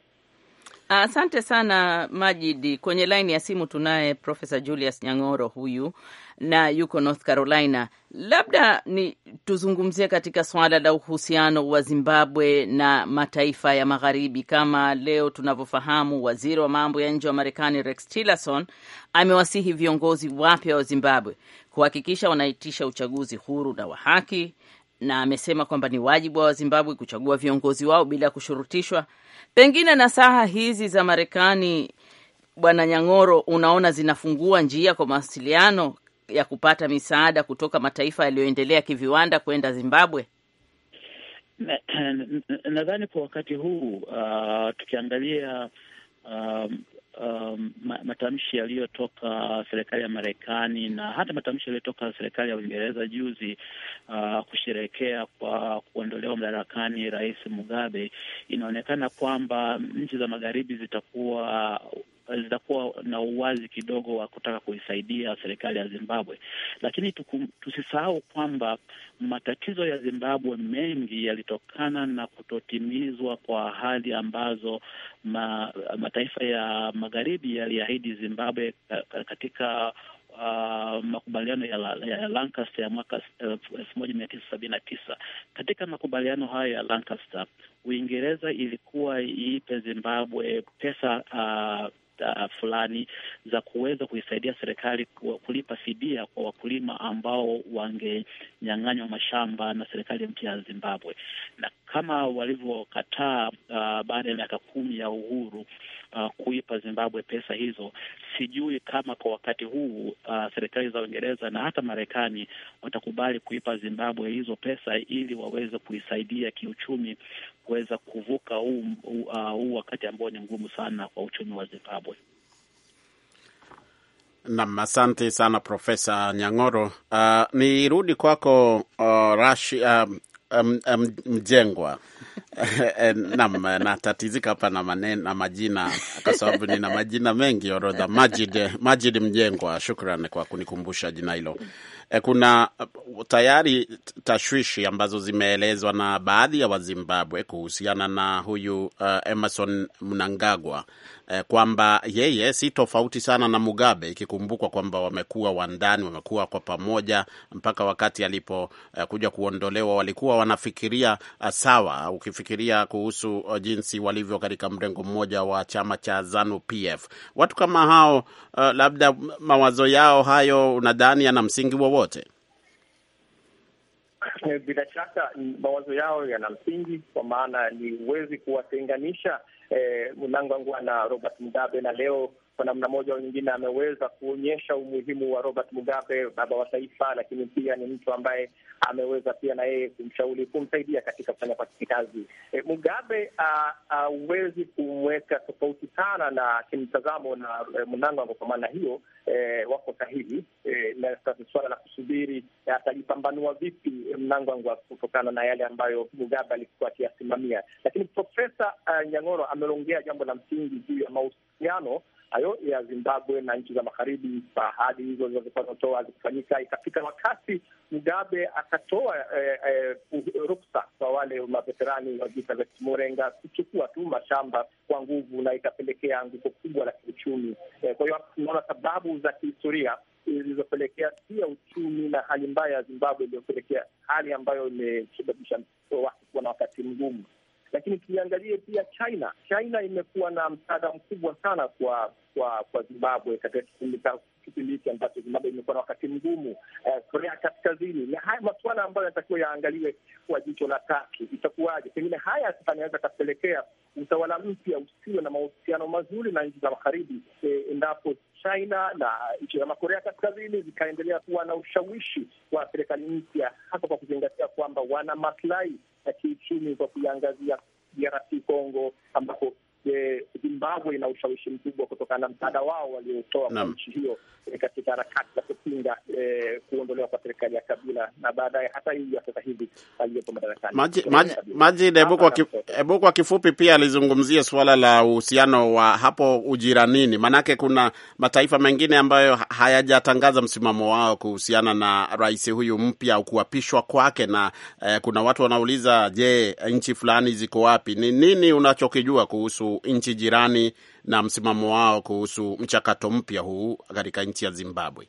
Asante sana Majidi. Kwenye laini ya simu tunaye Profesa Julius Nyang'oro, huyu na yuko North Carolina. Labda ni tuzungumzie katika swala la uhusiano wa Zimbabwe na mataifa ya Magharibi. Kama leo tunavyofahamu, waziri wa mambo ya nje wa Marekani Rex Tillerson amewasihi viongozi wapya wa Zimbabwe kuhakikisha wanaitisha uchaguzi huru na wa haki na amesema kwamba ni wajibu wa Wazimbabwe kuchagua viongozi wao bila kushurutishwa. Pengine nasaha hizi za Marekani, Bwana Nyang'oro, unaona zinafungua njia kwa mawasiliano ya kupata misaada kutoka mataifa yaliyoendelea kiviwanda kwenda Zimbabwe? Nadhani na, na, kwa wakati huu uh, tukiangalia um, um, matamshi yaliyotoka serikali ya Marekani na hata matamshi yaliyotoka serikali ya Uingereza juzi uh, kusherekea kwa kuondolewa madarakani Rais Mugabe, inaonekana kwamba nchi za magharibi zitakuwa Eh, zitakuwa na uwazi kidogo wa kutaka kuisaidia serikali ya Zimbabwe, lakini tukum, tusisahau kwamba matatizo ya Zimbabwe mengi yalitokana na kutotimizwa kwa ahadi ambazo ma, mataifa ya magharibi yaliahidi Zimbabwe katika Uh, makubaliano ya, la, ya Lancaster ya mwaka eh, elfu moja mia tisa sabini na tisa. Katika makubaliano hayo ya Lancaster, Uingereza ilikuwa iipe Zimbabwe pesa uh, uh, fulani za kuweza kuisaidia serikali kulipa fidia kwa wakulima ambao wangenyang'anywa mashamba na serikali mpya ya Zimbabwe, na kama walivyokataa uh, baada ya miaka kumi ya uhuru uh, kuipa Zimbabwe pesa hizo, sijui kama kwa wakati huu uh, serikali za Uingereza na hata Marekani watakubali kuipa Zimbabwe hizo pesa ili waweze kuisaidia kiuchumi kuweza kuvuka huu uh, uh, wakati ambao ni ngumu sana kwa uchumi wa Zimbabwe. Nam, asante sana Profesa Nyang'oro. Uh, nirudi kwako uh, ah, Rash uh, ah, um, um, Mjengwa. Eh, nam, natatizika hapa na maneno na majina kwa sababu nina majina mengi orodha. Majid, Majid Mjengwa, shukran kwa kunikumbusha jina hilo. Eh, kuna tayari tashwishi ambazo zimeelezwa na baadhi ya Wazimbabwe kuhusiana na huyu uh, Emerson Mnangagwa eh, kwamba yeye si tofauti sana na Mugabe, ikikumbukwa kwamba wamekuwa wandani, wamekuwa kwa pamoja mpaka wakati alipokuja eh, kuondolewa, walikuwa wanafikiria eh, sawa. Ukifikiria kuhusu oh, jinsi walivyo katika mrengo mmoja wa chama cha Zanu PF, watu kama hao, eh, labda mawazo yao hayo, unadhani yana msingi wowote? Eh, bila shaka mawazo yao yana msingi, kwa maana ni huwezi kuwatenganisha eh, Mnangagwa na Robert Mugabe, na leo kwa namna moja au nyingine ameweza kuonyesha umuhimu wa Robert Mugabe, baba wa taifa, lakini pia ni mtu ambaye ameweza pia na yeye kumshauri, kumsaidia katika kufanya kazi. E, Mugabe hauwezi kumweka tofauti sana na kimtazamo na e, Mnangagwa. Kwa maana hiyo e, wako sahihi e, na suala la kusubiri e, atajipambanua vipi Mnangagwa kutokana na yale ambayo Mugabe alikuwa akiyasimamia, lakini Profesa uh, Nyang'oro amelongea jambo la msingi juu ya mahusiano hayo ya Zimbabwe na nchi za magharibi. Ahadi hizo zilizokuwa zinatoa zikifanyika, ikafika wakati Mugabe akatoa eh, eh, ruksa kwa wale maveterani wa vita vya Kimorenga kuchukua tu mashamba kwa nguvu, na ikapelekea anguko kubwa la kiuchumi. Eh, kwa hiyo tunaona sababu za kihistoria zilizopelekea pia uchumi na hali mbaya ya Zimbabwe iliyopelekea hali ambayo imesababisha watu kuwa na wakati mgumu. Lakini tuiangalie pia China. China imekuwa na msaada mkubwa sana kwa kwa kwa Zimbabwe katika kipindi hiki ambacho Zimbabwe imekuwa na wakati mgumu, uh, Korea Kaskazini, na haya masuala ambayo yanatakiwa yaangaliwe kwa jicho la tatu, itakuwaje? Pengine haya anaweza akapelekea utawala mpya usiwe na mahusiano mazuri na nchi za magharibi, eh, endapo China na nchi za Korea Kaskazini zikaendelea kuwa na ushawishi wa serikali mpya, hasa kwa kuzingatia kwamba wana maslahi ya kiuchumi kwa kuiangazia DRC Congo ambapo e, Zimbabwe ina ushawishi mkubwa kutokana na msaada wao waliotoa kwa nchi hiyo e, katika harakati za kupinga e, kuondolewa kwa serikali ya Kabila na baadaye hata hii ya sasa hivi aliyopo madarakani. Majid, hebu kwa kifupi pia alizungumzia suala la uhusiano wa hapo ujiranini, manake kuna mataifa mengine ambayo hayajatangaza msimamo wao kuhusiana na rais huyu mpya au kuapishwa kwake, na eh, kuna watu wanauliza, je, nchi fulani ziko wapi? Ni nini unachokijua kuhusu nchi jirani na msimamo wao kuhusu mchakato mpya huu katika nchi ya Zimbabwe?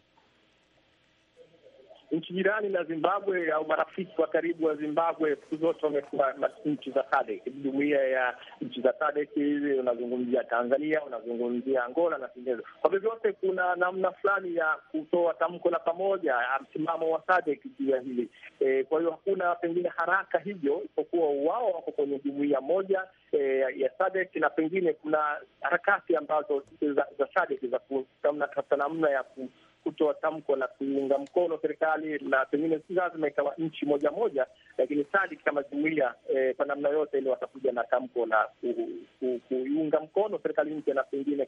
nchi jirani na Zimbabwe au marafiki wa karibu wa Zimbabwe, siku zote wamekuwa nchi za SADC, jumuia ya nchi za SADC. Unazungumzia Tanzania, unazungumzia Angola na vinginevyo. Kwa vyovyote, kuna namna fulani ya kutoa tamko la pamoja, msimamo wa SADC juu ya hili e. Kwa hiyo hakuna pengine haraka hivyo, isipokuwa wao wako kwenye jumuia moja e, ya SADC na pengine kuna harakati ambazo za, za SADC za kutafuta namna ya ku kutoa tamko la kuiunga mkono serikali, na pengine si lazima ikawa nchi moja moja, lakini SADC kama jumuia eh, kwa namna yote ile watakuja na tamko la kuiunga mkono serikali mpya na pengine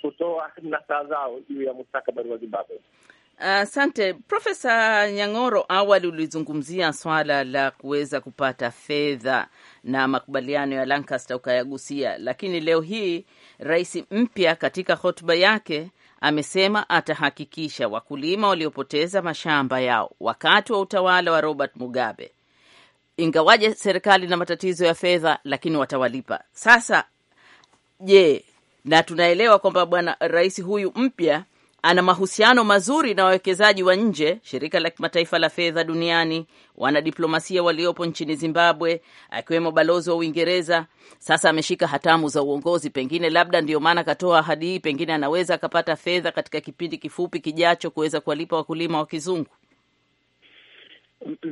kutoa nasaha zao juu ya mustakabali wa Zimbabwe. Asante uh, Profesa Nyang'oro, awali ulizungumzia swala la kuweza kupata fedha na makubaliano ya Lancaster ukayagusia, lakini leo hii rais mpya katika hotuba yake amesema atahakikisha wakulima waliopoteza mashamba yao wakati wa utawala wa Robert Mugabe, ingawaje serikali na matatizo ya fedha, lakini watawalipa. Sasa je, na tunaelewa kwamba bwana rais huyu mpya ana mahusiano mazuri na wawekezaji wa nje, shirika la kimataifa la fedha duniani, wanadiplomasia waliopo nchini Zimbabwe, akiwemo balozi wa Uingereza. Sasa ameshika hatamu za uongozi, pengine labda ndio maana akatoa ahadi hii, pengine anaweza akapata fedha katika kipindi kifupi kijacho kuweza kuwalipa wakulima wa kizungu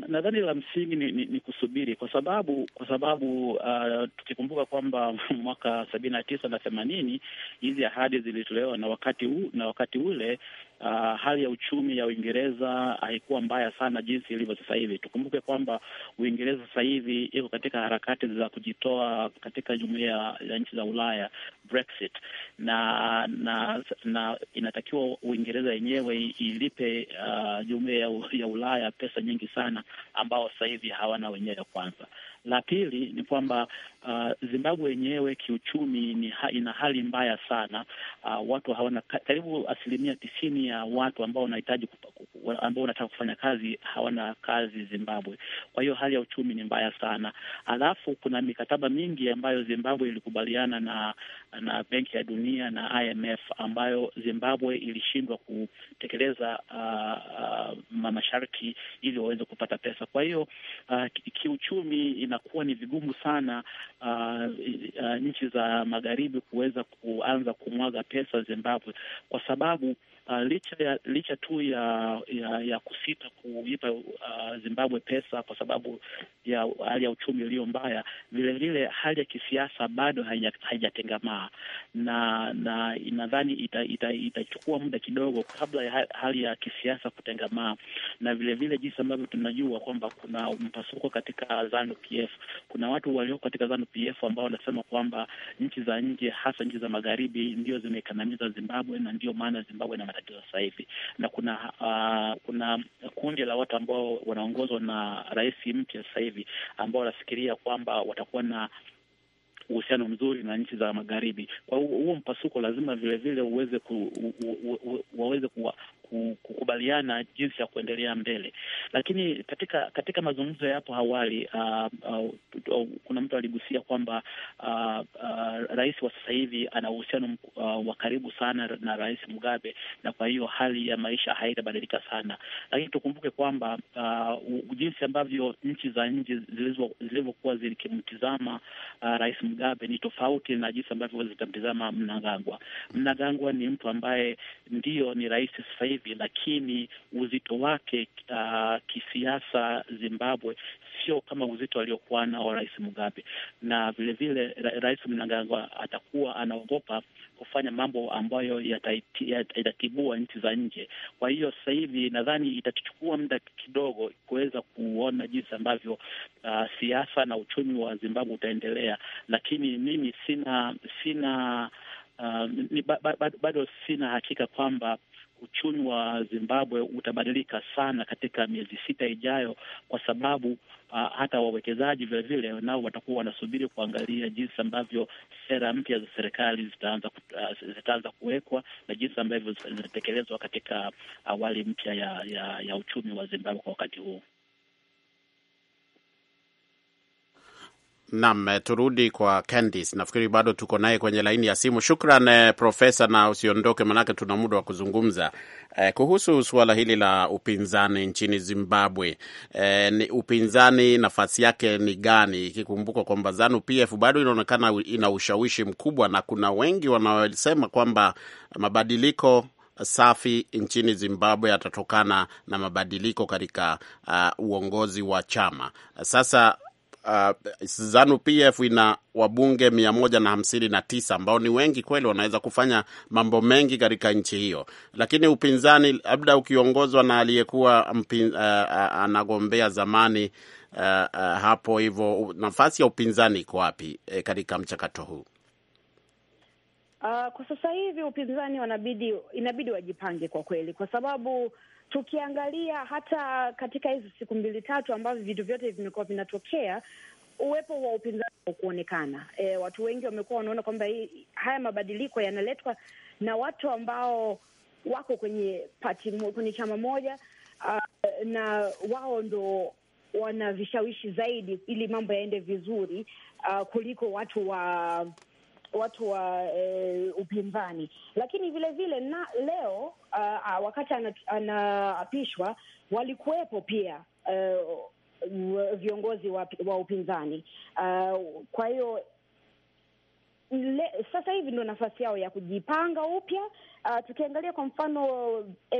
nadhani la msingi ni, ni, ni kusubiri kwa sababu kwa sababu uh, tukikumbuka kwamba mwaka sabini na tisa na themanini hizi ahadi zilitolewa na wakati u, na wakati ule uh, hali ya uchumi ya Uingereza haikuwa mbaya sana jinsi ilivyo sasa hivi. Tukumbuke kwamba Uingereza sasa hivi iko katika harakati za kujitoa katika jumuiya ya nchi za Ulaya, Brexit, na na, na inatakiwa Uingereza yenyewe ilipe uh, ah, jumuiya ya Ulaya pesa nyingi sana ambao sasa hivi hawana wenyewe kwanza la pili ni kwamba uh, Zimbabwe yenyewe kiuchumi ni ha, ina hali mbaya sana. Uh, watu hawana karibu asilimia tisini ya watu ambao wanahitaji ambao wanataka kufanya kazi hawana kazi Zimbabwe. Kwa hiyo hali ya uchumi ni mbaya sana, alafu kuna mikataba mingi ambayo Zimbabwe ilikubaliana na na Benki ya Dunia na IMF ambayo Zimbabwe ilishindwa kutekeleza uh, uh, masharti ili waweze kupata pesa. Kwa hiyo uh, kiuchumi ina inakuwa ni vigumu sana uh, uh, nchi za magharibi kuweza kuanza kumwaga pesa Zimbabwe kwa sababu uh, licha ya licha tu ya ya, ya kusita kuipa uh, Zimbabwe pesa kwa sababu ya hali ya uchumi iliyo mbaya, vilevile hali ya kisiasa bado haijatengamaa, na na inadhani itachukua ita, ita muda kidogo kabla ya hali ya kisiasa kutengamaa, na vilevile jinsi ambavyo tunajua kwamba kuna mpasuko katika Zanu PF. Kuna watu walioko katika Zanu PF ambao wanasema kwamba nchi za nje, hasa nchi za magharibi, ndio zimekandamiza Zimbabwe na ndio maana Zimbabwe na hadi sasa hivi, na kuna uh, kuna kundi la watu ambao wanaongozwa na rais mpya sasa hivi ambao wanafikiria kwamba watakuwa na uhusiano mzuri na nchi za magharibi. Kwa hiyo huo mpasuko lazima vilevile uweze ku, u, u, u, waweze kukubaliana jinsi ya kuendelea mbele. Lakini katika katika mazungumzo ya hapo awali uh, uh, uh kuna mtu aligusia kwamba uh, uh, rais wa sasa hivi ana uhusiano uh, wa karibu sana na Rais Mugabe, na kwa hiyo hali ya maisha haitabadilika sana, lakini tukumbuke kwamba uh, jinsi ambavyo nchi za nje zilivyokuwa zikimtizama uh, Rais Mugabe ni tofauti na jinsi ambavyo zitamtizama Mnangagwa. Mnangagwa ni mtu ambaye ndio ni rais sasa hivi hivi, lakini uzito wake uh, kisiasa Zimbabwe sio kama uzito aliokuwa nao Rais Mugabe, na vilevile vile, Rais Mnangagwa atakuwa anaogopa kufanya mambo ambayo yatatibua nchi za nje. Kwa hiyo sasa hivi nadhani itachukua muda kidogo kuweza kuona jinsi ambavyo uh, siasa na uchumi wa Zimbabwe utaendelea, lakini mimi sina sina uh, bado, ba, sina hakika kwamba uchumi wa Zimbabwe utabadilika sana katika miezi sita ijayo, kwa sababu uh, hata wawekezaji vilevile nao watakuwa wanasubiri kuangalia jinsi ambavyo sera mpya za serikali zitaanza uh, zitaanza kuwekwa na jinsi ambavyo zitatekelezwa katika awali mpya ya, ya, ya uchumi wa Zimbabwe kwa wakati huu. Nam, eh, turudi kwa Candice. Nafikiri bado tuko naye kwenye laini ya simu. Shukran eh, Profesa, na usiondoke, manake tuna muda wa kuzungumza eh, kuhusu suala hili la upinzani nchini Zimbabwe. Eh, ni upinzani nafasi yake ni gani, ikikumbuka kwamba ZANU PF bado inaonekana ina ushawishi mkubwa, na kuna wengi wanaosema kwamba mabadiliko safi nchini Zimbabwe yatatokana na mabadiliko katika uh, uongozi wa chama sasa uh, ZANU PF ina wabunge mia moja na hamsini na tisa ambao ni wengi kweli, wanaweza kufanya mambo mengi katika nchi hiyo, lakini upinzani labda ukiongozwa na aliyekuwa uh, uh, anagombea zamani uh, uh, hapo hivyo, nafasi ya upinzani iko wapi eh, katika mchakato huu? Uh, kwa sasa hivi upinzani wanabidi inabidi wajipange kwa kweli, kwa sababu tukiangalia hata katika hizi siku mbili tatu ambavyo vitu vyote vimekuwa vinatokea, uwepo wa upinzani haukuonekana. E, watu wengi wamekuwa wanaona kwamba haya mabadiliko yanaletwa na watu ambao wako kwenye pati, kwenye chama moja uh, na wao ndo wana vishawishi zaidi ili mambo yaende vizuri uh, kuliko watu wa watu wa e, upinzani, lakini vile vile na leo uh, wakati anaapishwa walikuwepo pia uh, viongozi wa, wa upinzani uh, kwa hiyo Le, sasa hivi ndo nafasi yao ya kujipanga upya. Uh, tukiangalia kwa mfano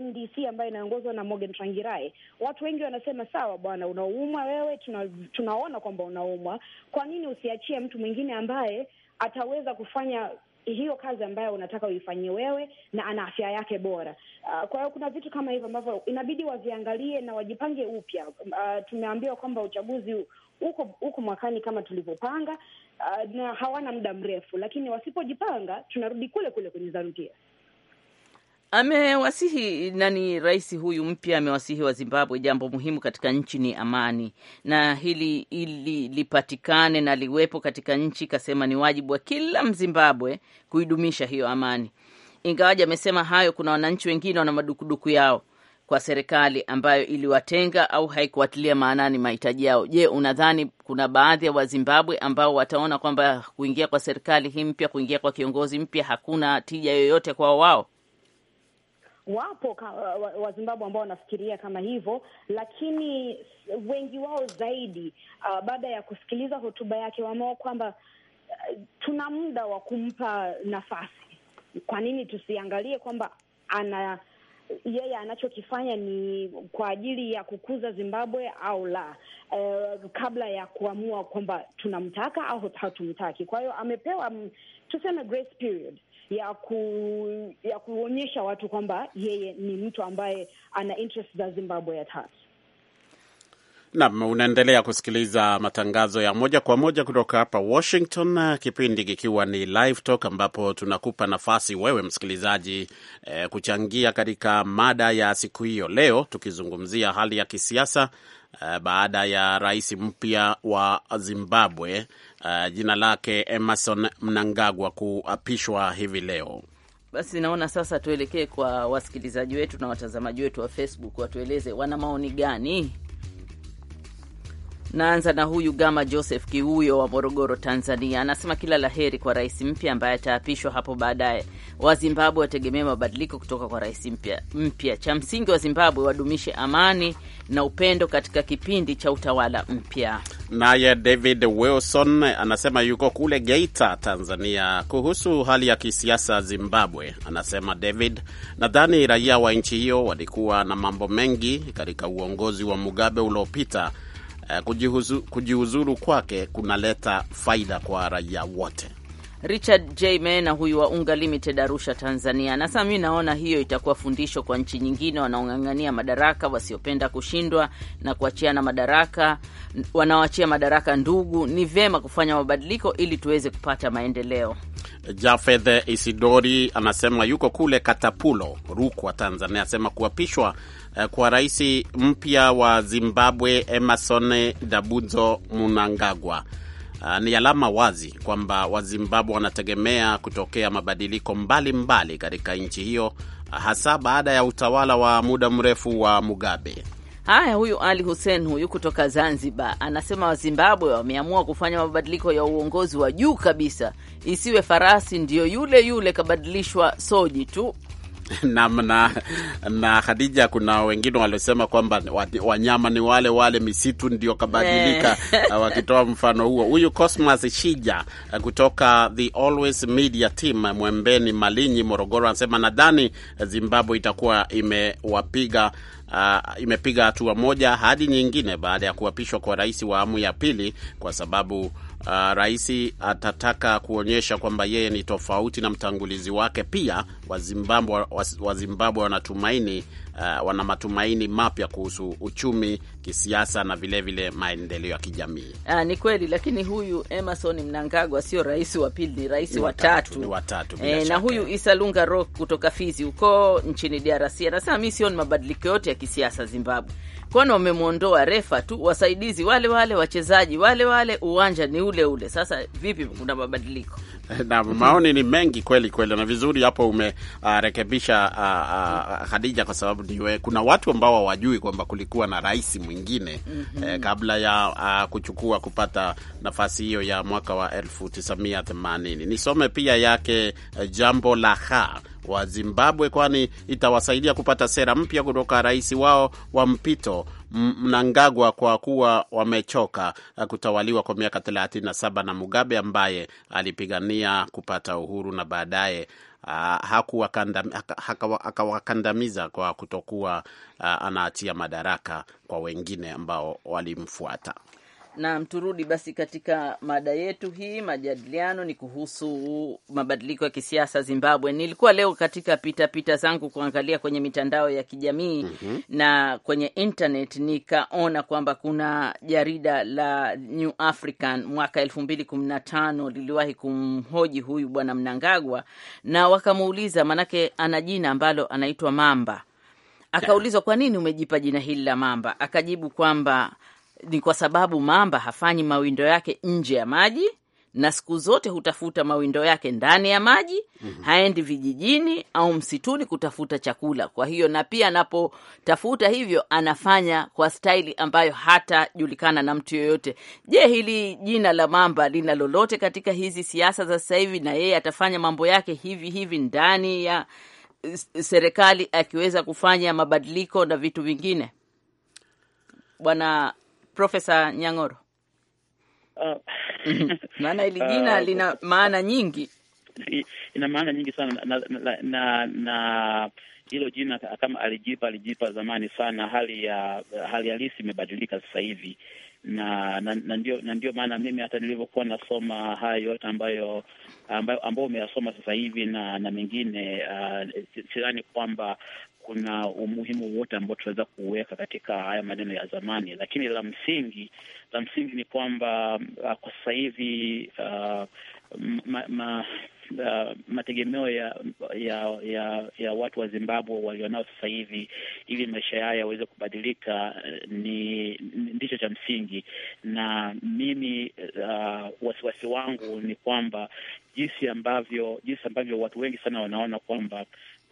MDC ambayo inaongozwa na Morgan Tsvangirai, watu wengi wanasema sawa bwana, unaumwa wewe, tuna, tunaona kwamba unaumwa, kwa nini usiachie mtu mwingine ambaye ataweza kufanya hiyo kazi ambayo unataka uifanyie wewe na ana afya yake bora. Uh, kwa hiyo kuna vitu kama hivyo ambavyo inabidi waviangalie na wajipange upya. Uh, tumeambiwa kwamba uchaguzi uko uko mwakani kama tulivyopanga, uh, na hawana muda mrefu, lakini wasipojipanga tunarudi kule kule kwenye zarudia amewasihi nani, rais huyu mpya amewasihi wa Zimbabwe, jambo muhimu katika nchi ni amani, na hili ili lipatikane na liwepo katika nchi, kasema ni wajibu wa kila Mzimbabwe kuidumisha hiyo amani. Ingawaji amesema hayo, kuna wananchi wengine wana madukuduku yao kwa serikali ambayo iliwatenga au haikuwatilia maanani mahitaji yao. Je, unadhani kuna baadhi ya wa Wazimbabwe ambao wataona kwamba kuingia kwa serikali hii mpya, kuingia kwa kiongozi mpya hakuna tija yoyote kwao wao? Wapo Zimbabwe ambao wanafikiria kama hivyo, lakini wengi wao zaidi, uh, baada ya kusikiliza hotuba yake, wameo kwamba uh, tuna muda wa kumpa nafasi. Kwa nini tusiangalie kwamba ana yeye anachokifanya ni kwa ajili ya kukuza Zimbabwe au la, eh, kabla ya kuamua kwamba tunamtaka au hatumtaki. Kwa hiyo amepewa um, tuseme grace period ya ku, ya kuonyesha watu kwamba yeye ni mtu ambaye ana interest za Zimbabwe at heart. Nam, unaendelea kusikiliza matangazo ya moja kwa moja kutoka hapa Washington, kipindi kikiwa ni Live Talk, ambapo tunakupa nafasi wewe msikilizaji eh, kuchangia katika mada ya siku hiyo leo, tukizungumzia hali ya kisiasa eh, baada ya rais mpya wa Zimbabwe eh, jina lake Emerson Mnangagwa kuapishwa hivi leo. Basi naona sasa tuelekee kwa wasikilizaji wetu na watazamaji wetu wa Facebook, watueleze wana maoni gani Naanza na huyu Gama Joseph Kiuyo wa Morogoro, Tanzania, anasema kila la heri kwa rais mpya ambaye ataapishwa hapo baadaye. Wazimbabwe wategemea mabadiliko kutoka kwa rais mpya. Cha msingi wa Zimbabwe wadumishe amani na upendo katika kipindi cha utawala mpya. Naye David Wilson anasema yuko kule Geita, Tanzania, kuhusu hali ya kisiasa Zimbabwe. Anasema David, nadhani raia wa nchi hiyo walikuwa na mambo mengi katika uongozi wa Mugabe uliopita Eh, kujihuzu, kwake kunaleta faida kwa raia wote. Richard J Mena huyu wa Unga Limited Arusha, Tanzania, anasema mi naona hiyo itakuwa fundisho kwa nchi nyingine wanaong'ang'ania madaraka, wasiopenda kushindwa na kuachiana madaraka, wanaoachia madaraka ndugu. Ni vyema kufanya mabadiliko ili tuweze kupata maendeleo. Jafedhe Isidori anasema yuko kule Katapulo, Rukwa, Tanzania, asema kuapishwa Eh, kwa rais mpya wa Zimbabwe Emerson Dabuzo Munangagwa. Uh, eh, ni alama wazi kwamba Wazimbabwe wanategemea kutokea mabadiliko mbalimbali katika nchi hiyo hasa baada ya utawala wa muda mrefu wa Mugabe. Haya, huyu Ali Hussein huyu kutoka Zanzibar anasema Wazimbabwe wameamua kufanya mabadiliko ya uongozi wa juu kabisa, isiwe farasi ndiyo yule yule kabadilishwa soji tu. Naam, na, na Khadija, kuna wengine waliosema kwamba wanyama ni wale wale, misitu ndio kabadilika eh. wakitoa mfano huo. Huyu Cosmas Shija eh, kutoka The Always Media Team, eh, Mwembeni, Malinyi, Morogoro, anasema nadhani Zimbabwe itakuwa imewapiga Uh, imepiga hatua moja hadi nyingine baada ya kuapishwa kwa rais wa awamu ya pili kwa sababu uh, rais atataka kuonyesha kwamba yeye ni tofauti na mtangulizi wake. Pia Wazimbabwe wanatumaini uh, wana matumaini mapya kuhusu uchumi, kisiasa na vilevile maendeleo ya kijamii. Ah, ni kweli, lakini huyu Emerson Mnangagwa sio rais wa pili, ni rais wa tatu, e, na huyu Lunga Rock kutoka Fizi huko nchini DRC anasema mi sioni mabadiliko yote ya kisiasa Zimbabwe kwani wamemwondoa refa tu, wasaidizi wale wale, wachezaji wale wale, uwanja ni ule ule. Sasa vipi, kuna mabadiliko? Eh, na maoni ni mengi kweli kweli, na vizuri hapo umerekebisha uh, ah, uh, ah, uh, Hadija, kwa sababu niwe, kuna watu ambao hawajui kwamba kulikuwa na rais mwingine mm -hmm. eh, kabla ya uh, kuchukua kupata nafasi hiyo ya mwaka wa 1980 nisome pia yake eh, jambo la ha wa Zimbabwe, kwani itawasaidia kupata sera mpya kutoka rais wao wa mpito Mnangagwa kwa kuwa wamechoka kutawaliwa kwa miaka 37 na Mugabe ambaye alipigania kupata uhuru na baadaye akawakandamiza kwa kutokuwa anaachia madaraka kwa wengine ambao walimfuata. Naam, turudi basi katika mada yetu hii. Majadiliano ni kuhusu mabadiliko ya kisiasa Zimbabwe. Nilikuwa leo katika pitapita pita zangu kuangalia kwenye mitandao ya kijamii mm -hmm. na kwenye internet nikaona kwamba kuna jarida la New African mwaka elfu mbili kumi na tano liliwahi kumhoji huyu bwana Mnangagwa na wakamuuliza, maanake ana jina ambalo anaitwa Mamba. Akaulizwa, kwa nini umejipa jina hili la Mamba? Akajibu kwamba ni kwa sababu mamba hafanyi mawindo yake nje ya maji na siku zote hutafuta mawindo yake ndani ya maji mm -hmm. Haendi vijijini au msituni kutafuta chakula. Kwa hiyo na pia anapotafuta hivyo anafanya kwa staili ambayo hatajulikana na mtu yoyote. Je, hili jina la mamba lina lolote katika hizi siasa za sasa hivi? Na yeye atafanya mambo yake hivi hivi ndani ya serikali akiweza kufanya mabadiliko na vitu vingine, bwana Profesa Nyang'oro? Oh. Uh, uh, maana hili jina uh, lina maana nyingi, ina maana nyingi sana na, na, na, na hilo jina kama alijipa alijipa zamani sana. Hali ya hali halisi imebadilika sasa hivi, na na, ndio na ndio maana mimi hata nilivyokuwa nasoma haya yote ambayo ambayo ambao umeyasoma sasa hivi na na mengine, uh, sidhani kwamba kuna umuhimu wote ambao tunaweza kuweka katika haya maneno ya zamani, lakini la msingi la msingi ni kwamba uh, kwa sasa hivi uh, ma, ma, Uh, mategemeo ya, ya ya ya watu wa Zimbabwe walionao sasa hivi ili maisha yao yaweze kubadilika uh, ni ndicho cha msingi, na mimi uh, wasiwasi wangu ni kwamba jinsi ambavyo jinsi ambavyo watu wengi sana wanaona kwamba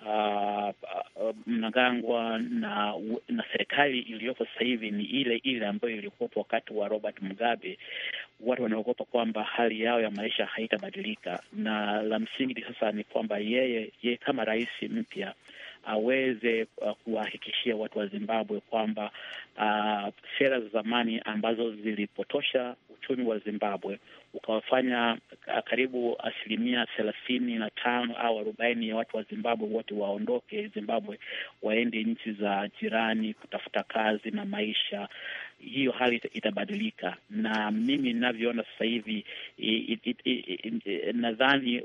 uh, uh Mnangagwa na na serikali iliyopo sasa hivi ni ile ile ambayo ilikuwepo wakati wa Robert Mugabe. Watu wanaogopa kwamba hali yao ya maisha haitabadilika, na la msingi sasa ni kwamba yeye, yeye kama rais mpya aweze uh, kuwahakikishia watu wa Zimbabwe kwamba uh, sera za zamani ambazo zilipotosha uchumi wa Zimbabwe ukawafanya uh, karibu asilimia thelathini na tano au arobaini ya watu wa Zimbabwe wote waondoke Zimbabwe waende nchi za jirani kutafuta kazi na maisha hiyo hali itabadilika, na mimi ninavyoona sasa hivi nadhani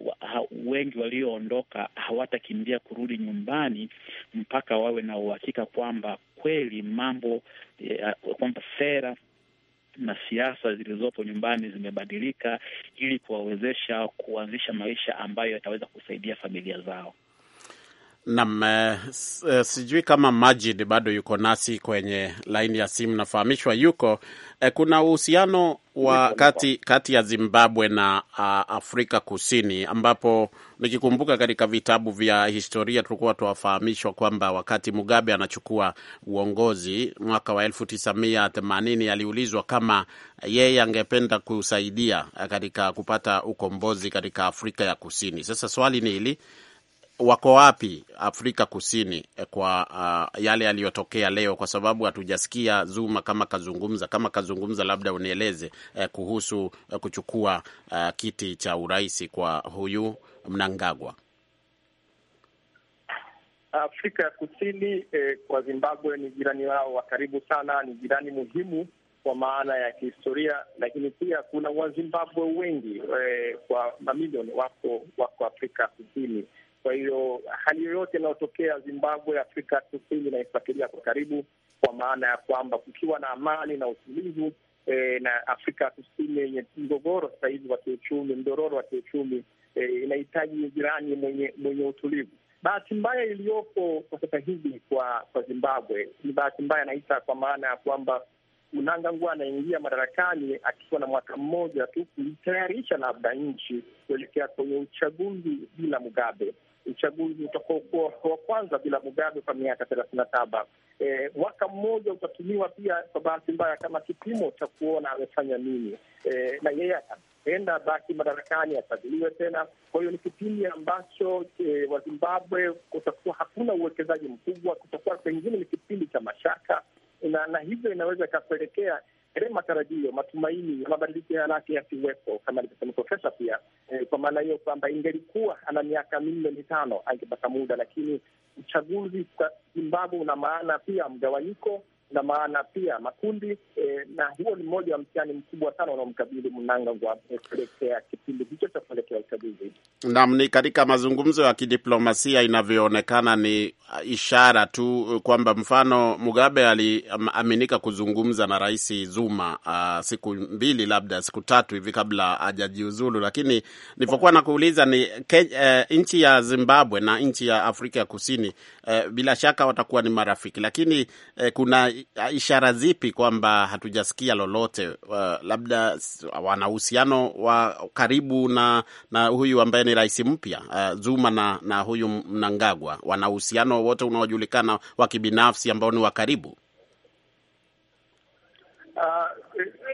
wengi walioondoka hawatakimbia kurudi nyumbani mpaka wawe na uhakika kwamba kweli mambo e, kwamba sera na siasa zilizopo nyumbani zimebadilika ili kuwawezesha kuanzisha maisha ambayo yataweza kusaidia familia zao. Nam, uh, sijui kama Majid bado yuko nasi kwenye laini ya simu, nafahamishwa yuko. uh, kuna uhusiano wa kati, kati ya Zimbabwe na uh, Afrika Kusini ambapo nikikumbuka katika vitabu vya historia tulikuwa tuwafahamishwa kwamba wakati Mugabe anachukua uongozi mwaka wa themanini aliulizwa kama yeye angependa kusaidia katika kupata ukombozi katika Afrika ya Kusini. Sasa swali ni hili wako wapi Afrika Kusini eh, kwa uh, yale yaliyotokea leo, kwa sababu hatujasikia Zuma kama kazungumza. Kama kazungumza, labda unieleze eh, kuhusu eh, kuchukua uh, kiti cha urais kwa huyu Mnangagwa. Afrika ya Kusini eh, kwa Zimbabwe ni jirani wao wa karibu sana, ni jirani muhimu kwa maana ya kihistoria, lakini pia kuna Wazimbabwe wengi eh, kwa mamilioni wako wako Afrika Kusini kwa hiyo hali yoyote inayotokea Zimbabwe, Afrika Kusini inaifuatilia kwa karibu, kwa maana ya kwamba kukiwa na amani na utulivu e, na Afrika Kusini yenye mgogoro sasa hivi wa kiuchumi, mdororo wa kiuchumi e, inahitaji jirani mwenye mwenye utulivu. Bahati mbaya iliyopo kwa sasa hivi kwa kwa Zimbabwe ni bahati mbaya naita, kwa maana ya kwamba Mnangagwa anaingia madarakani akiwa na mwaka mmoja tu kuitayarisha labda nchi kuelekea kwenye uchaguzi bila Mugabe uchaguzi utakaokuwa wa kwanza bila Mugabe kwa miaka thelathini na saba. E, mwaka mmoja utatumiwa pia kwa bahati mbaya kama kipimo cha kuona amefanya nini. E, na yeye ataenda baki madarakani achaguliwe tena. Kwa hiyo ni kipindi ambacho e, Wazimbabwe kutakuwa hakuna uwekezaji mkubwa, kutakuwa pengine ni kipindi cha mashaka na, na hivyo inaweza ikapelekea yale matarajio, matumaini ya mabadiliko yake yasiwepo, kama alivyosema Profesa pia e, kwa maana hiyo kwamba ingelikuwa ana miaka minne mitano angepata muda, lakini uchaguzi kwa Zimbabwe una maana pia mgawanyiko na maana pia makundi e, na huo ni mmoja wa mtihani mkubwa sana unaomkabili Mnangagwa kuelekea kipindi hicho cha kuelekea uchaguzi. Naam, ni katika mazungumzo ya kidiplomasia inavyoonekana ni ishara tu kwamba mfano Mugabe aliaminika kuzungumza na Rais Zuma uh, siku mbili labda siku tatu hivi kabla hajajiuzulu, lakini nilivyokuwa nakuuliza ni eh, nchi ya Zimbabwe na nchi ya Afrika ya Kusini eh, bila shaka watakuwa ni marafiki, lakini eh, kuna Uh, ishara zipi kwamba hatujasikia lolote? Uh, labda wana uhusiano wa karibu na na huyu ambaye ni rais mpya uh, Zuma na, na huyu Mnangagwa, wana uhusiano wote unaojulikana wa kibinafsi ambao ni wa karibu? Uh,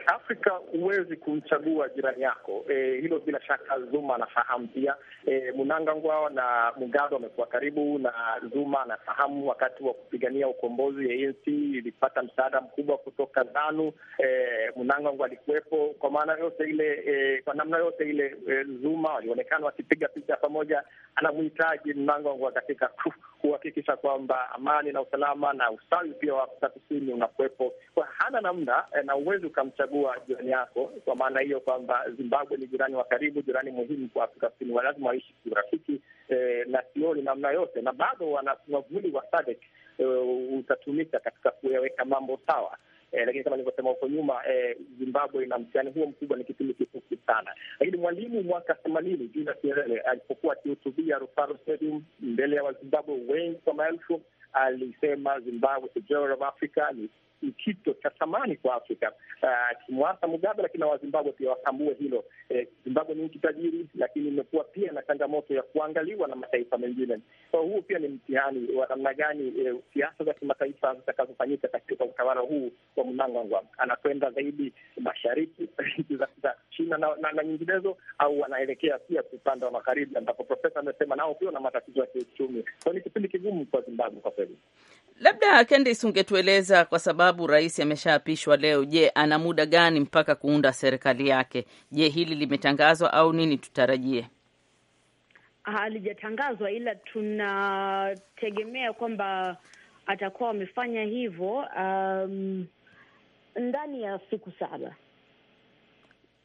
Afrika huwezi kumchagua jirani yako e, hilo bila shaka Zuma anafahamu pia. E, Mnangagwa na Mugabe wamekuwa karibu na Zuma anafahamu. Wakati wa kupigania ukombozi ANC ilipata msaada mkubwa kutoka ZANU. E, Mnangagwa alikuwepo kwa maana yote ile e, kwa namna yote ile e, Zuma walionekana wakipiga picha pamoja. Anamhitaji Mnangagwa katika kuhakikisha kwamba amani na usalama na ustawi pia wa Afrika Kusini unakuwepo. Hana namna na e, uwezi ukamchagua kuchagua jirani yako, kwa maana hiyo kwamba Zimbabwe ni jirani wa karibu, jirani muhimu kwa Afrika Kusini, walazima waishi kiurafiki eh, na sioni namna yote, na bado wana mwavuli wa SADC eh, utatumika katika kuyaweka mambo sawa. Eh, lakini kama nilivyosema huko nyuma eh, Zimbabwe ina mtihani huo mkubwa, ni kipindi kifupi sana. Lakini mwalimu mwaka themanini Julius Nyerere alipokuwa akihutubia Rufaro Stadium mbele ya Wazimbabwe wengi kwa maelfu, alisema Zimbabwe the jewel of Africa, ni kitito cha thamani kwa Afrika ah, kimwasa Mugabe, lakini na Wazimbabwe pia watambue hilo. Eh, Zimbabwe ni nchi tajiri, lakini imekuwa pia na changamoto ya kuangaliwa na mataifa mengine. Kwa huu pia ni mtihani wa namna gani eh, siasa za kimataifa zitakazofanyika katika utawala huu wa Mnangagwa. Anakwenda zaidi mashariki nchi za China na, nyinginezo, au anaelekea pia upande wa magharibi ambapo profesa amesema nao pia na matatizo ya kiuchumi. Kwa ni kipindi kigumu kwa Zimbabwe kwa kweli. Labda Kendis, ungetueleza kwa sababu sababu rais ameshaapishwa leo, je, ana muda gani mpaka kuunda serikali yake? Je, hili limetangazwa au nini tutarajie? Halijatangazwa, ila tunategemea kwamba atakuwa amefanya hivyo um, ndani ya siku saba.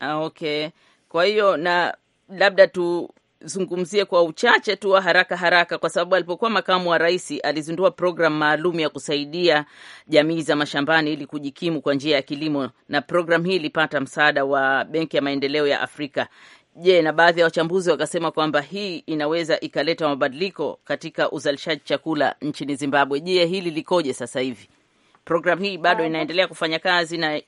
Ah, okay. Kwa hiyo na labda tu zungumzie kwa uchache tu wa haraka haraka, kwa sababu alipokuwa makamu wa rais alizindua programu maalum ya kusaidia jamii za mashambani ili kujikimu kwa njia ya kilimo, na programu hii ilipata msaada wa Benki ya Maendeleo ya Afrika. Je, na baadhi ya wachambuzi wakasema kwamba hii inaweza ikaleta mabadiliko katika uzalishaji chakula nchini Zimbabwe. Je, hili likoje sasa hivi? Programu hii bado ah, inaendelea kufanya kazi na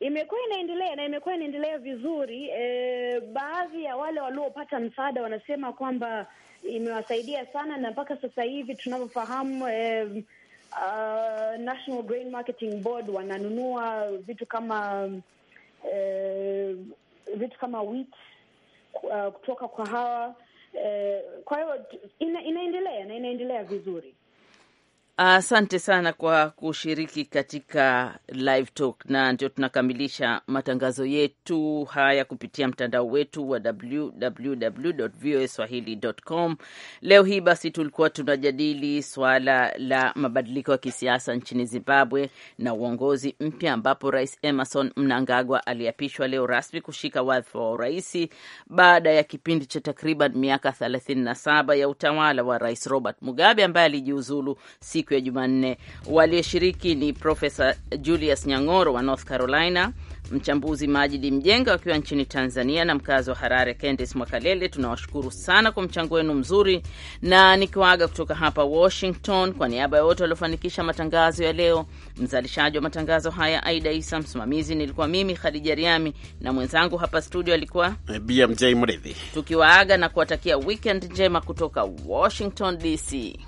Imekuwa inaendelea na imekuwa inaendelea vizuri. E, baadhi ya wale waliopata msaada wanasema kwamba imewasaidia sana, na mpaka sasa hivi tunavyofahamu e, uh, National Grain Marketing Board wananunua vitu kama e, vitu kama wheat uh, kutoka kwa hawa e, kwa hiyo ina, inaendelea na inaendelea vizuri. Asante uh, sana kwa kushiriki katika live talk, na ndio tunakamilisha matangazo yetu haya kupitia mtandao wetu wa www.voaswahili.com. Leo hii basi tulikuwa tunajadili suala la mabadiliko ya kisiasa nchini Zimbabwe na uongozi mpya, ambapo Rais Emerson Mnangagwa aliapishwa leo rasmi kushika wadhifa wa uraisi baada ya kipindi cha takriban miaka 37 ya utawala wa Rais Robert Mugabe ambaye alijiuzulu siku ya Jumanne. Walioshiriki ni Profesa Julius Nyang'oro wa North Carolina, mchambuzi Majidi Mjenga wakiwa nchini Tanzania na mkazi wa Harare Candice Mwakalele. Tunawashukuru sana kwa mchango wenu mzuri, na nikiwaaga kutoka hapa Washington kwa niaba ya wote waliofanikisha matangazo ya leo, mzalishaji wa matangazo haya Aida Isa, msimamizi nilikuwa mimi Khadija Riami na mwenzangu hapa studio alikuwa BMJ Mridhi, tukiwaaga na kuwatakia weekend njema kutoka Washington DC.